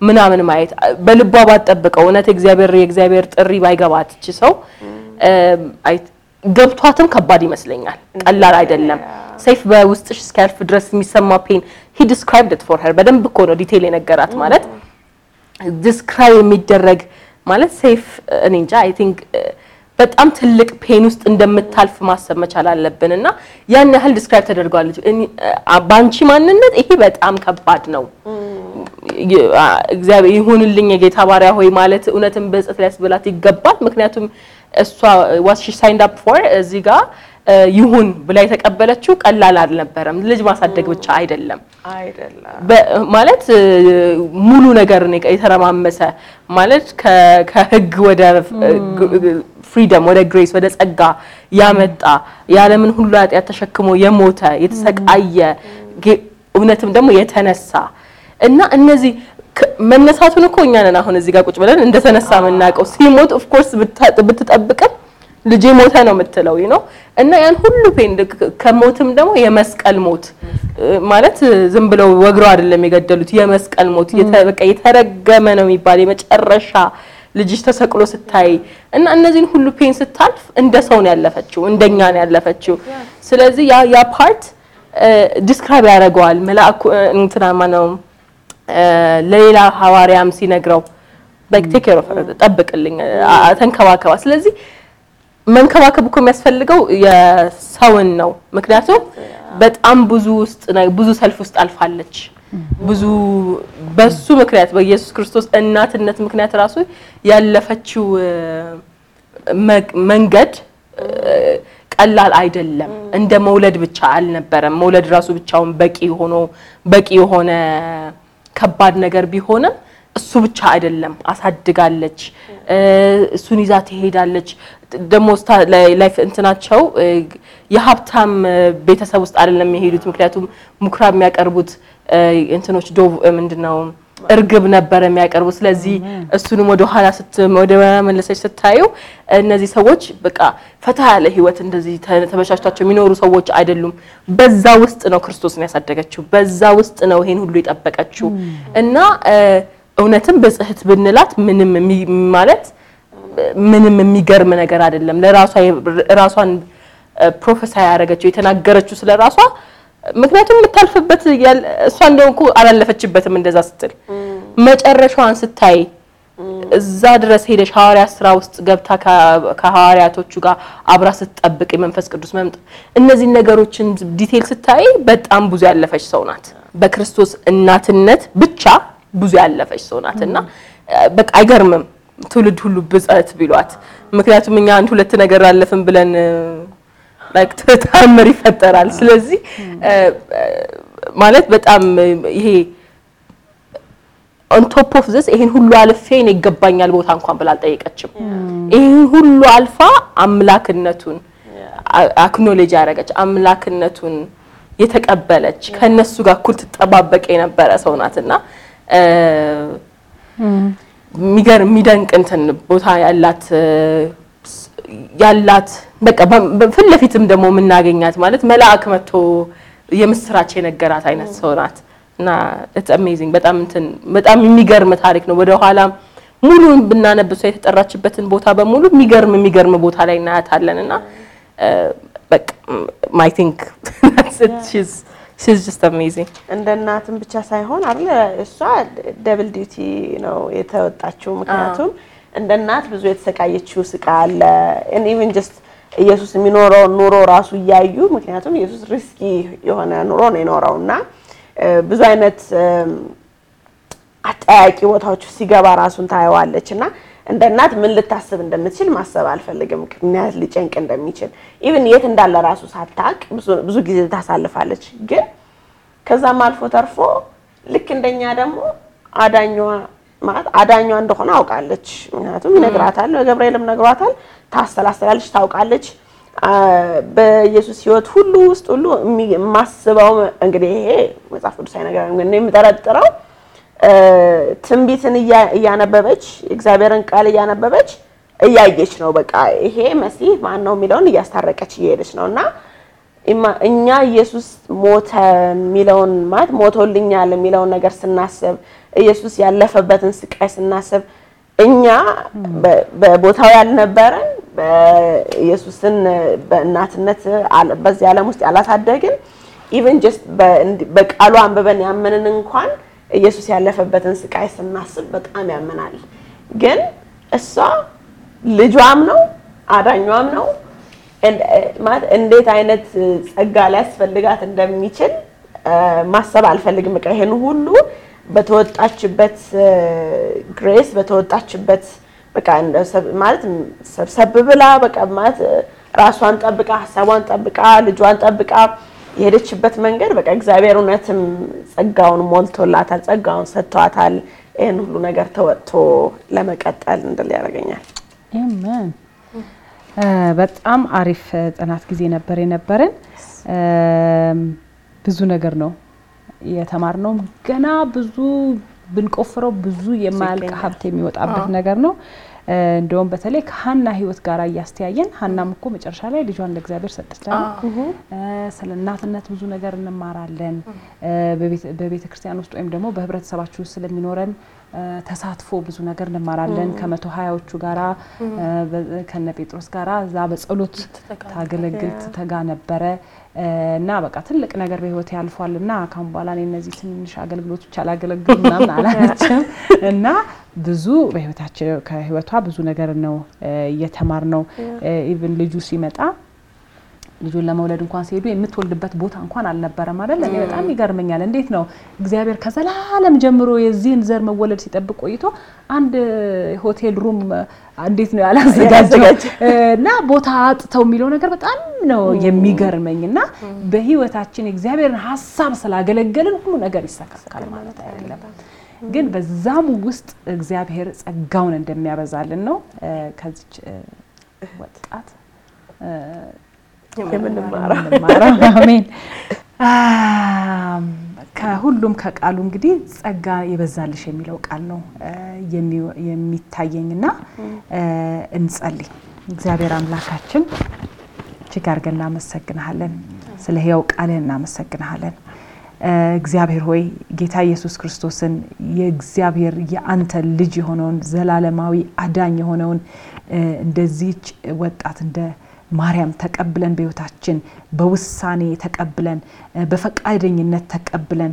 ምናምን ማየት በልቧ ባትጠብቀው እውነት እግዚአብሔር የእግዚአብሔር ጥሪ ባይገባት እች ሰው ገብቷትም ከባድ ይመስለኛል። ቀላል አይደለም። ሰይፍ በውስጥሽ እስኪያልፍ ድረስ የሚሰማ ፔን ሂ ዲስክራይብድ ኢት ፎር ሄር በደንብ እኮ ነው ዲቴይል የነገራት ማለት ዲስክራይብ mm. የሚደረግ ማለት ሰይፍ እኔ እንጃ አይ ቲንክ በጣም ትልቅ ፔን ውስጥ እንደምታልፍ ማሰብ መቻል አለብን እና ያን ያህል ዲስክራይብ ተደርገዋለች። በአንቺ ማንነት ይሄ በጣም ከባድ ነው። mm. እግዚአብሔር ይሁንልኝ የጌታ ባሪያ ሆይ ማለት እውነትን በጽት ሊያስብላት ይገባል። ምክንያቱም እሷ ዋትሺ ሳይንድ አፕ ፎር እዚህ ጋር ይሁን ብላ የተቀበለችው ቀላል አልነበረም። ልጅ ማሳደግ ብቻ አይደለም ማለት ሙሉ ነገር የተረማመሰ ማለት ከህግ ወደ ፍሪደም ወደ ግሬስ ወደ ጸጋ ያመጣ የዓለምን ሁሉ ኃጢአት ተሸክሞ የሞተ የተሰቃየ እውነትም ደግሞ የተነሳ እና እነዚህ መነሳቱን እኮ እኛ ነን አሁን እዚህ ጋር ቁጭ ብለን እንደተነሳ የምናውቀው። ሲሞት ኦፍ ኮርስ ብትጠብቅም ልጄ ሞተ ነው የምትለው ነው። እና ያን ሁሉ ፔን ከሞትም ደግሞ የመስቀል ሞት ማለት ዝም ብለው ወግረው አይደለም የገደሉት። የመስቀል ሞት በቃ የተረገመ ነው የሚባል የመጨረሻ ልጅሽ ተሰቅሎ ስታይ እና እነዚህን ሁሉ ፔን ስታልፍ እንደ ሰው ነው ያለፈችው፣ እንደኛ ነው ያለፈችው። ስለዚህ ያ ፓርት ዲስክራይብ ያደርገዋል መልአኩ እንትና ማነው ለሌላ ሐዋርያም ሲነግረው በቴክር ጠብቅልኝ፣ ተንከባከባ። ስለዚህ መንከባከብ እኮ የሚያስፈልገው የሰውን ነው። ምክንያቱም በጣም ብዙ ውስጥ ብዙ ሰልፍ ውስጥ አልፋለች። ብዙ በሱ ምክንያት በኢየሱስ ክርስቶስ እናትነት ምክንያት ራሱ ያለፈችው መንገድ ቀላል አይደለም። እንደ መውለድ ብቻ አልነበረም። መውለድ ራሱ ብቻውን በቂ ሆኖ በቂ የሆነ ከባድ ነገር ቢሆንም እሱ ብቻ አይደለም። አሳድጋለች፣ እሱን ይዛ ትሄዳለች። ደግሞ ላይፍ እንትናቸው የሀብታም ቤተሰብ ውስጥ አይደለም የሄዱት። ምክንያቱም ሙክራ የሚያቀርቡት እንትኖች ዶቭ ምንድነው እርግብ ነበር የሚያቀርቡ። ስለዚህ እሱንም ወደ ኋላ ወደ መለሰች ስታዩ እነዚህ ሰዎች በቃ ፈታ ያለ ህይወት እንደዚህ ተመቻችቷቸው የሚኖሩ ሰዎች አይደሉም። በዛ ውስጥ ነው ክርስቶስን ያሳደገችው፣ በዛ ውስጥ ነው ይሄን ሁሉ የጠበቀችው እና እውነትም ብጽሕት ብንላት ምንም ማለት ምንም የሚገርም ነገር አይደለም። ለራሷ ራሷን ፕሮፌሳይ ያደረገችው የተናገረችው ስለራሷ ምክንያቱም የምታልፍበት እሷ እንደው እኮ አላለፈችበትም። እንደዛ ስትል መጨረሻዋን ስታይ እዛ ድረስ ሄደሽ ሐዋርያ ስራ ውስጥ ገብታ ከሐዋርያቶቹ ጋር አብራ ስትጠብቅ የመንፈስ ቅዱስ መምጣት እነዚህን ነገሮችን ዲቴል ስታይ በጣም ብዙ ያለፈች ሰው ናት። በክርስቶስ እናትነት ብቻ ብዙ ያለፈች ሰው ናት እና በቃ አይገርምም ትውልድ ሁሉ ብጽዕት ቢሏት። ምክንያቱም እኛ አንድ ሁለት ነገር አለፍን ብለን ላይክ (laughs) ተአምር ይፈጠራል። ስለዚህ ማለት በጣም ይሄ ኦን ቶፕ ኦፍ ዚስ ይሄን ሁሉ አልፌ እኔ ይገባኛል ቦታ እንኳን ብላ አልጠየቀችም። ይሄን ሁሉ አልፋ አምላክነቱን አክኖሌጅ ያደረገች አምላክነቱን የተቀበለች ከነሱ ጋር እኩል ትጠባበቅ የነበረ ሰው ናትና የሚገርም የሚደንቅ እንትን ቦታ ያላት ያላት በቃ ፊት ለፊትም ደግሞ የምናገኛት ማለት መልአክ መጥቶ የምስራች የነገራት አይነት ሰው ናት እና ኢትስ አሜዚንግ በጣም እንትን በጣም የሚገርም ታሪክ ነው። ወደ ኋላ ሙሉን ብናነብሰው የተጠራችበትን ቦታ በሙሉ የሚገርም የሚገርም ቦታ ላይ እናያታለን እና በቃ ማይ ቲንክ እንደ እናትም ብቻ ሳይሆን አይደለ እሷ ደብል ዲዩቲ ነው የተወጣችው ምክንያቱም እንደ እናት ብዙ የተሰቃየችው ስቃ አለ ኢቨን ጀስት ኢየሱስ የሚኖረውን ኑሮ ራሱ እያዩ ምክንያቱም ኢየሱስ ሪስኪ የሆነ ኑሮ ነው የኖረው እና ብዙ አይነት አጠያቂ ቦታዎች ሲገባ ራሱን ታየዋለች እና እንደ እናት ምን ልታስብ እንደምትችል ማሰብ አልፈልግም። ምክንያት ሊጨንቅ እንደሚችል ኢቭን የት እንዳለ ራሱ ሳታቅ ብዙ ጊዜ ታሳልፋለች። ግን ከዛም አልፎ ተርፎ ልክ እንደኛ ደግሞ አዳኛዋ ማለት አዳኟ እንደሆነ አውቃለች። ምክንያቱም ይነግራታል፣ በገብርኤልም ነግሯታል። ታሰላሰላለች ታውቃለች። በኢየሱስ ህይወት ሁሉ ውስጥ ሁሉ የማስበው እንግዲህ ይሄ መጽሐፍ ቅዱስ አይነገርም፣ ግን የምጠረጥረው ትንቢትን እያነበበች እግዚአብሔርን ቃል እያነበበች እያየች ነው። በቃ ይሄ መሲህ ማን ነው የሚለውን እያስታረቀች እየሄደች ነው እና እኛ ኢየሱስ ሞተ የሚለውን ማለት ሞቶልኛል የሚለውን ነገር ስናስብ ኢየሱስ ያለፈበትን ስቃይ ስናስብ እኛ በቦታው ያልነበረን በኢየሱስን በእናትነት በዚህ ዓለም ውስጥ ያላሳደግን ኢቨን ጀስት በቃሉ አንብበን ያመንን እንኳን ኢየሱስ ያለፈበትን ስቃይ ስናስብ በጣም ያመናል። ግን እሷ ልጇም ነው አዳኟም ነው እንዴት አይነት ጸጋ ሊያስፈልጋት እንደሚችል ማሰብ አልፈልግም። በቃ ይሄን ሁሉ በተወጣችበት ግሬስ በተወጣችበት በቃ ማለት ሰብሰብ ብላ በቃ ማለት ራሷን ጠብቃ ሀሳቧን ጠብቃ ልጇን ጠብቃ የሄደችበት መንገድ በቃ እግዚአብሔር እውነትም ጸጋውን ሞልቶላታል፣ ጸጋውን ሰጥቷታል። ይህን ሁሉ ነገር ተወጥቶ ለመቀጠል እንድል ያደርገኛል። በጣም አሪፍ ጥናት ጊዜ ነበር የነበረን። ብዙ ነገር ነው የተማርነው። ገና ብዙ ብንቆፍረው ብዙ የማያልቅ ሀብት የሚወጣበት ነገር ነው። እንደውም በተለይ ከሀና ህይወት ጋር እያስተያየን ሀናም እኮ መጨረሻ ላይ ልጇን ለእግዚአብሔር ሰጥታለች። ስለ እናትነት ብዙ ነገር እንማራለን። በቤተ ክርስቲያን ውስጥ ወይም ደግሞ በህብረተሰባችሁ ስለሚኖረን ተሳትፎ ብዙ ነገር እንማራለን። ከመቶ ሀያዎቹ ጋራ ከነ ጴጥሮስ ጋራ እዛ በጸሎት ታገለግል ትተጋ ነበረ እና በቃ ትልቅ ነገር በህይወት ያልፏል እና ካሁን በኋላ እኔ እነዚህ ትንሽ አገልግሎቶች አላገለግሉ ምናምን (laughs) አላለችም እና ብዙ በህይወታቸው ከህይወቷ ብዙ ነገር ነው እየተማር ነው ኢቭን ልጁ ሲመጣ ልጁን ለመውለድ እንኳን ሲሄዱ የምትወልድበት ቦታ እንኳን አልነበረም አይደል? እኔ በጣም ይገርመኛል። እንዴት ነው እግዚአብሔር ከዘላለም ጀምሮ የዚህን ዘር መወለድ ሲጠብቅ ቆይቶ አንድ ሆቴል ሩም እንዴት ነው ያላዘጋጀው እና ቦታ አጥተው የሚለው ነገር በጣም ነው የሚገርመኝ። እና በህይወታችን የእግዚአብሔርን ሀሳብ ስላገለገልን ሁሉ ነገር ይሳካል ማለት አይደለም። ግን በዛም ውስጥ እግዚአብሔር ጸጋውን እንደሚያበዛልን ነው ከዚች ወጣት የምንማረው። አሜን። ከሁሉም ከቃሉ እንግዲህ ጸጋ የበዛልሽ የሚለው ቃል ነው የሚታየኝና እንጸልይ። እግዚአብሔር አምላካችን እጅግ አድርገን እናመሰግናለን ስለ ሕያው ቃልህ እናመሰግንሃለን። እግዚአብሔር ሆይ ጌታ ኢየሱስ ክርስቶስን የእግዚአብሔር የአንተ ልጅ የሆነውን ዘላለማዊ አዳኝ የሆነውን እንደዚች ወጣት እንደ ማርያም ተቀብለን በህይወታችን በውሳኔ ተቀብለን በፈቃደኝነት ተቀብለን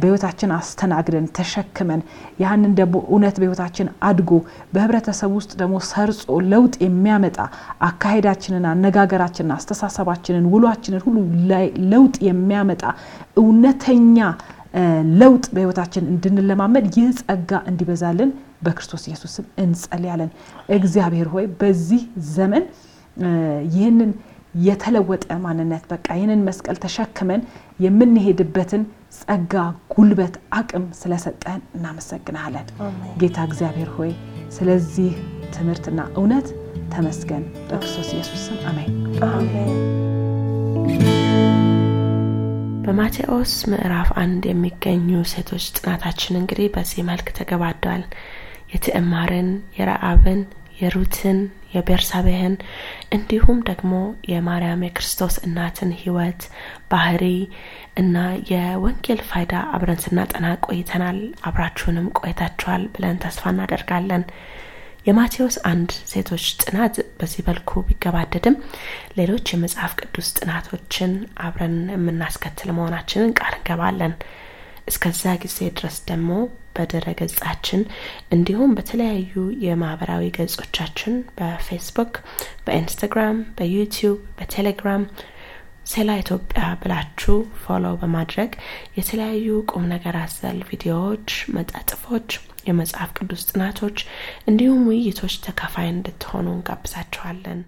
በህይወታችን አስተናግደን ተሸክመን ያህንን ደግሞ እውነት በህይወታችን አድጎ በህብረተሰብ ውስጥ ደግሞ ሰርጾ ለውጥ የሚያመጣ አካሄዳችንን፣ አነጋገራችንን፣ አስተሳሰባችንን፣ ውሏችንን ሁሉ ለውጥ የሚያመጣ እውነተኛ ለውጥ በህይወታችን እንድንለማመድ ይህ ጸጋ እንዲበዛልን በክርስቶስ ኢየሱስ ስም እንጸልያለን። እግዚአብሔር ሆይ በዚህ ዘመን ይህንን የተለወጠ ማንነት በቃ ይህንን መስቀል ተሸክመን የምንሄድበትን ጸጋ፣ ጉልበት፣ አቅም ስለሰጠን እናመሰግናለን። ጌታ እግዚአብሔር ሆይ ስለዚህ ትምህርትና እውነት ተመስገን። በክርስቶስ ኢየሱስ ስም አሜን። በማቴዎስ ምዕራፍ አንድ የሚገኙ ሴቶች ጥናታችን እንግዲህ በዚህ መልክ ተገባደዋል። የትዕማርን፣ የረአብን፣ የሩትን የቤርሳቤህን እንዲሁም ደግሞ የማርያም የክርስቶስ እናትን ህይወት ባህሪ እና የወንጌል ፋይዳ አብረን ስናጠና ቆይተናል አብራችሁንም ቆይታችኋል ብለን ተስፋ እናደርጋለን የማቴዎስ አንድ ሴቶች ጥናት በዚህ በልኩ ቢገባደድም ሌሎች የመጽሐፍ ቅዱስ ጥናቶችን አብረን የምናስከትል መሆናችንን ቃል እንገባለን እስከዛ ጊዜ ድረስ ደግሞ ገጻችን እንዲሁም በተለያዩ የማህበራዊ ገጾቻችን በፌስቡክ፣ በኢንስታግራም፣ በዩቲዩብ፣ በቴሌግራም ሴላ ኢትዮጵያ ብላችሁ ፎሎው በማድረግ የተለያዩ ቁም ነገር አዘል ቪዲዮዎች፣ መጣጥፎች፣ የመጽሐፍ ቅዱስ ጥናቶች እንዲሁም ውይይቶች ተካፋይ እንድትሆኑ እንጋብዛችኋለን።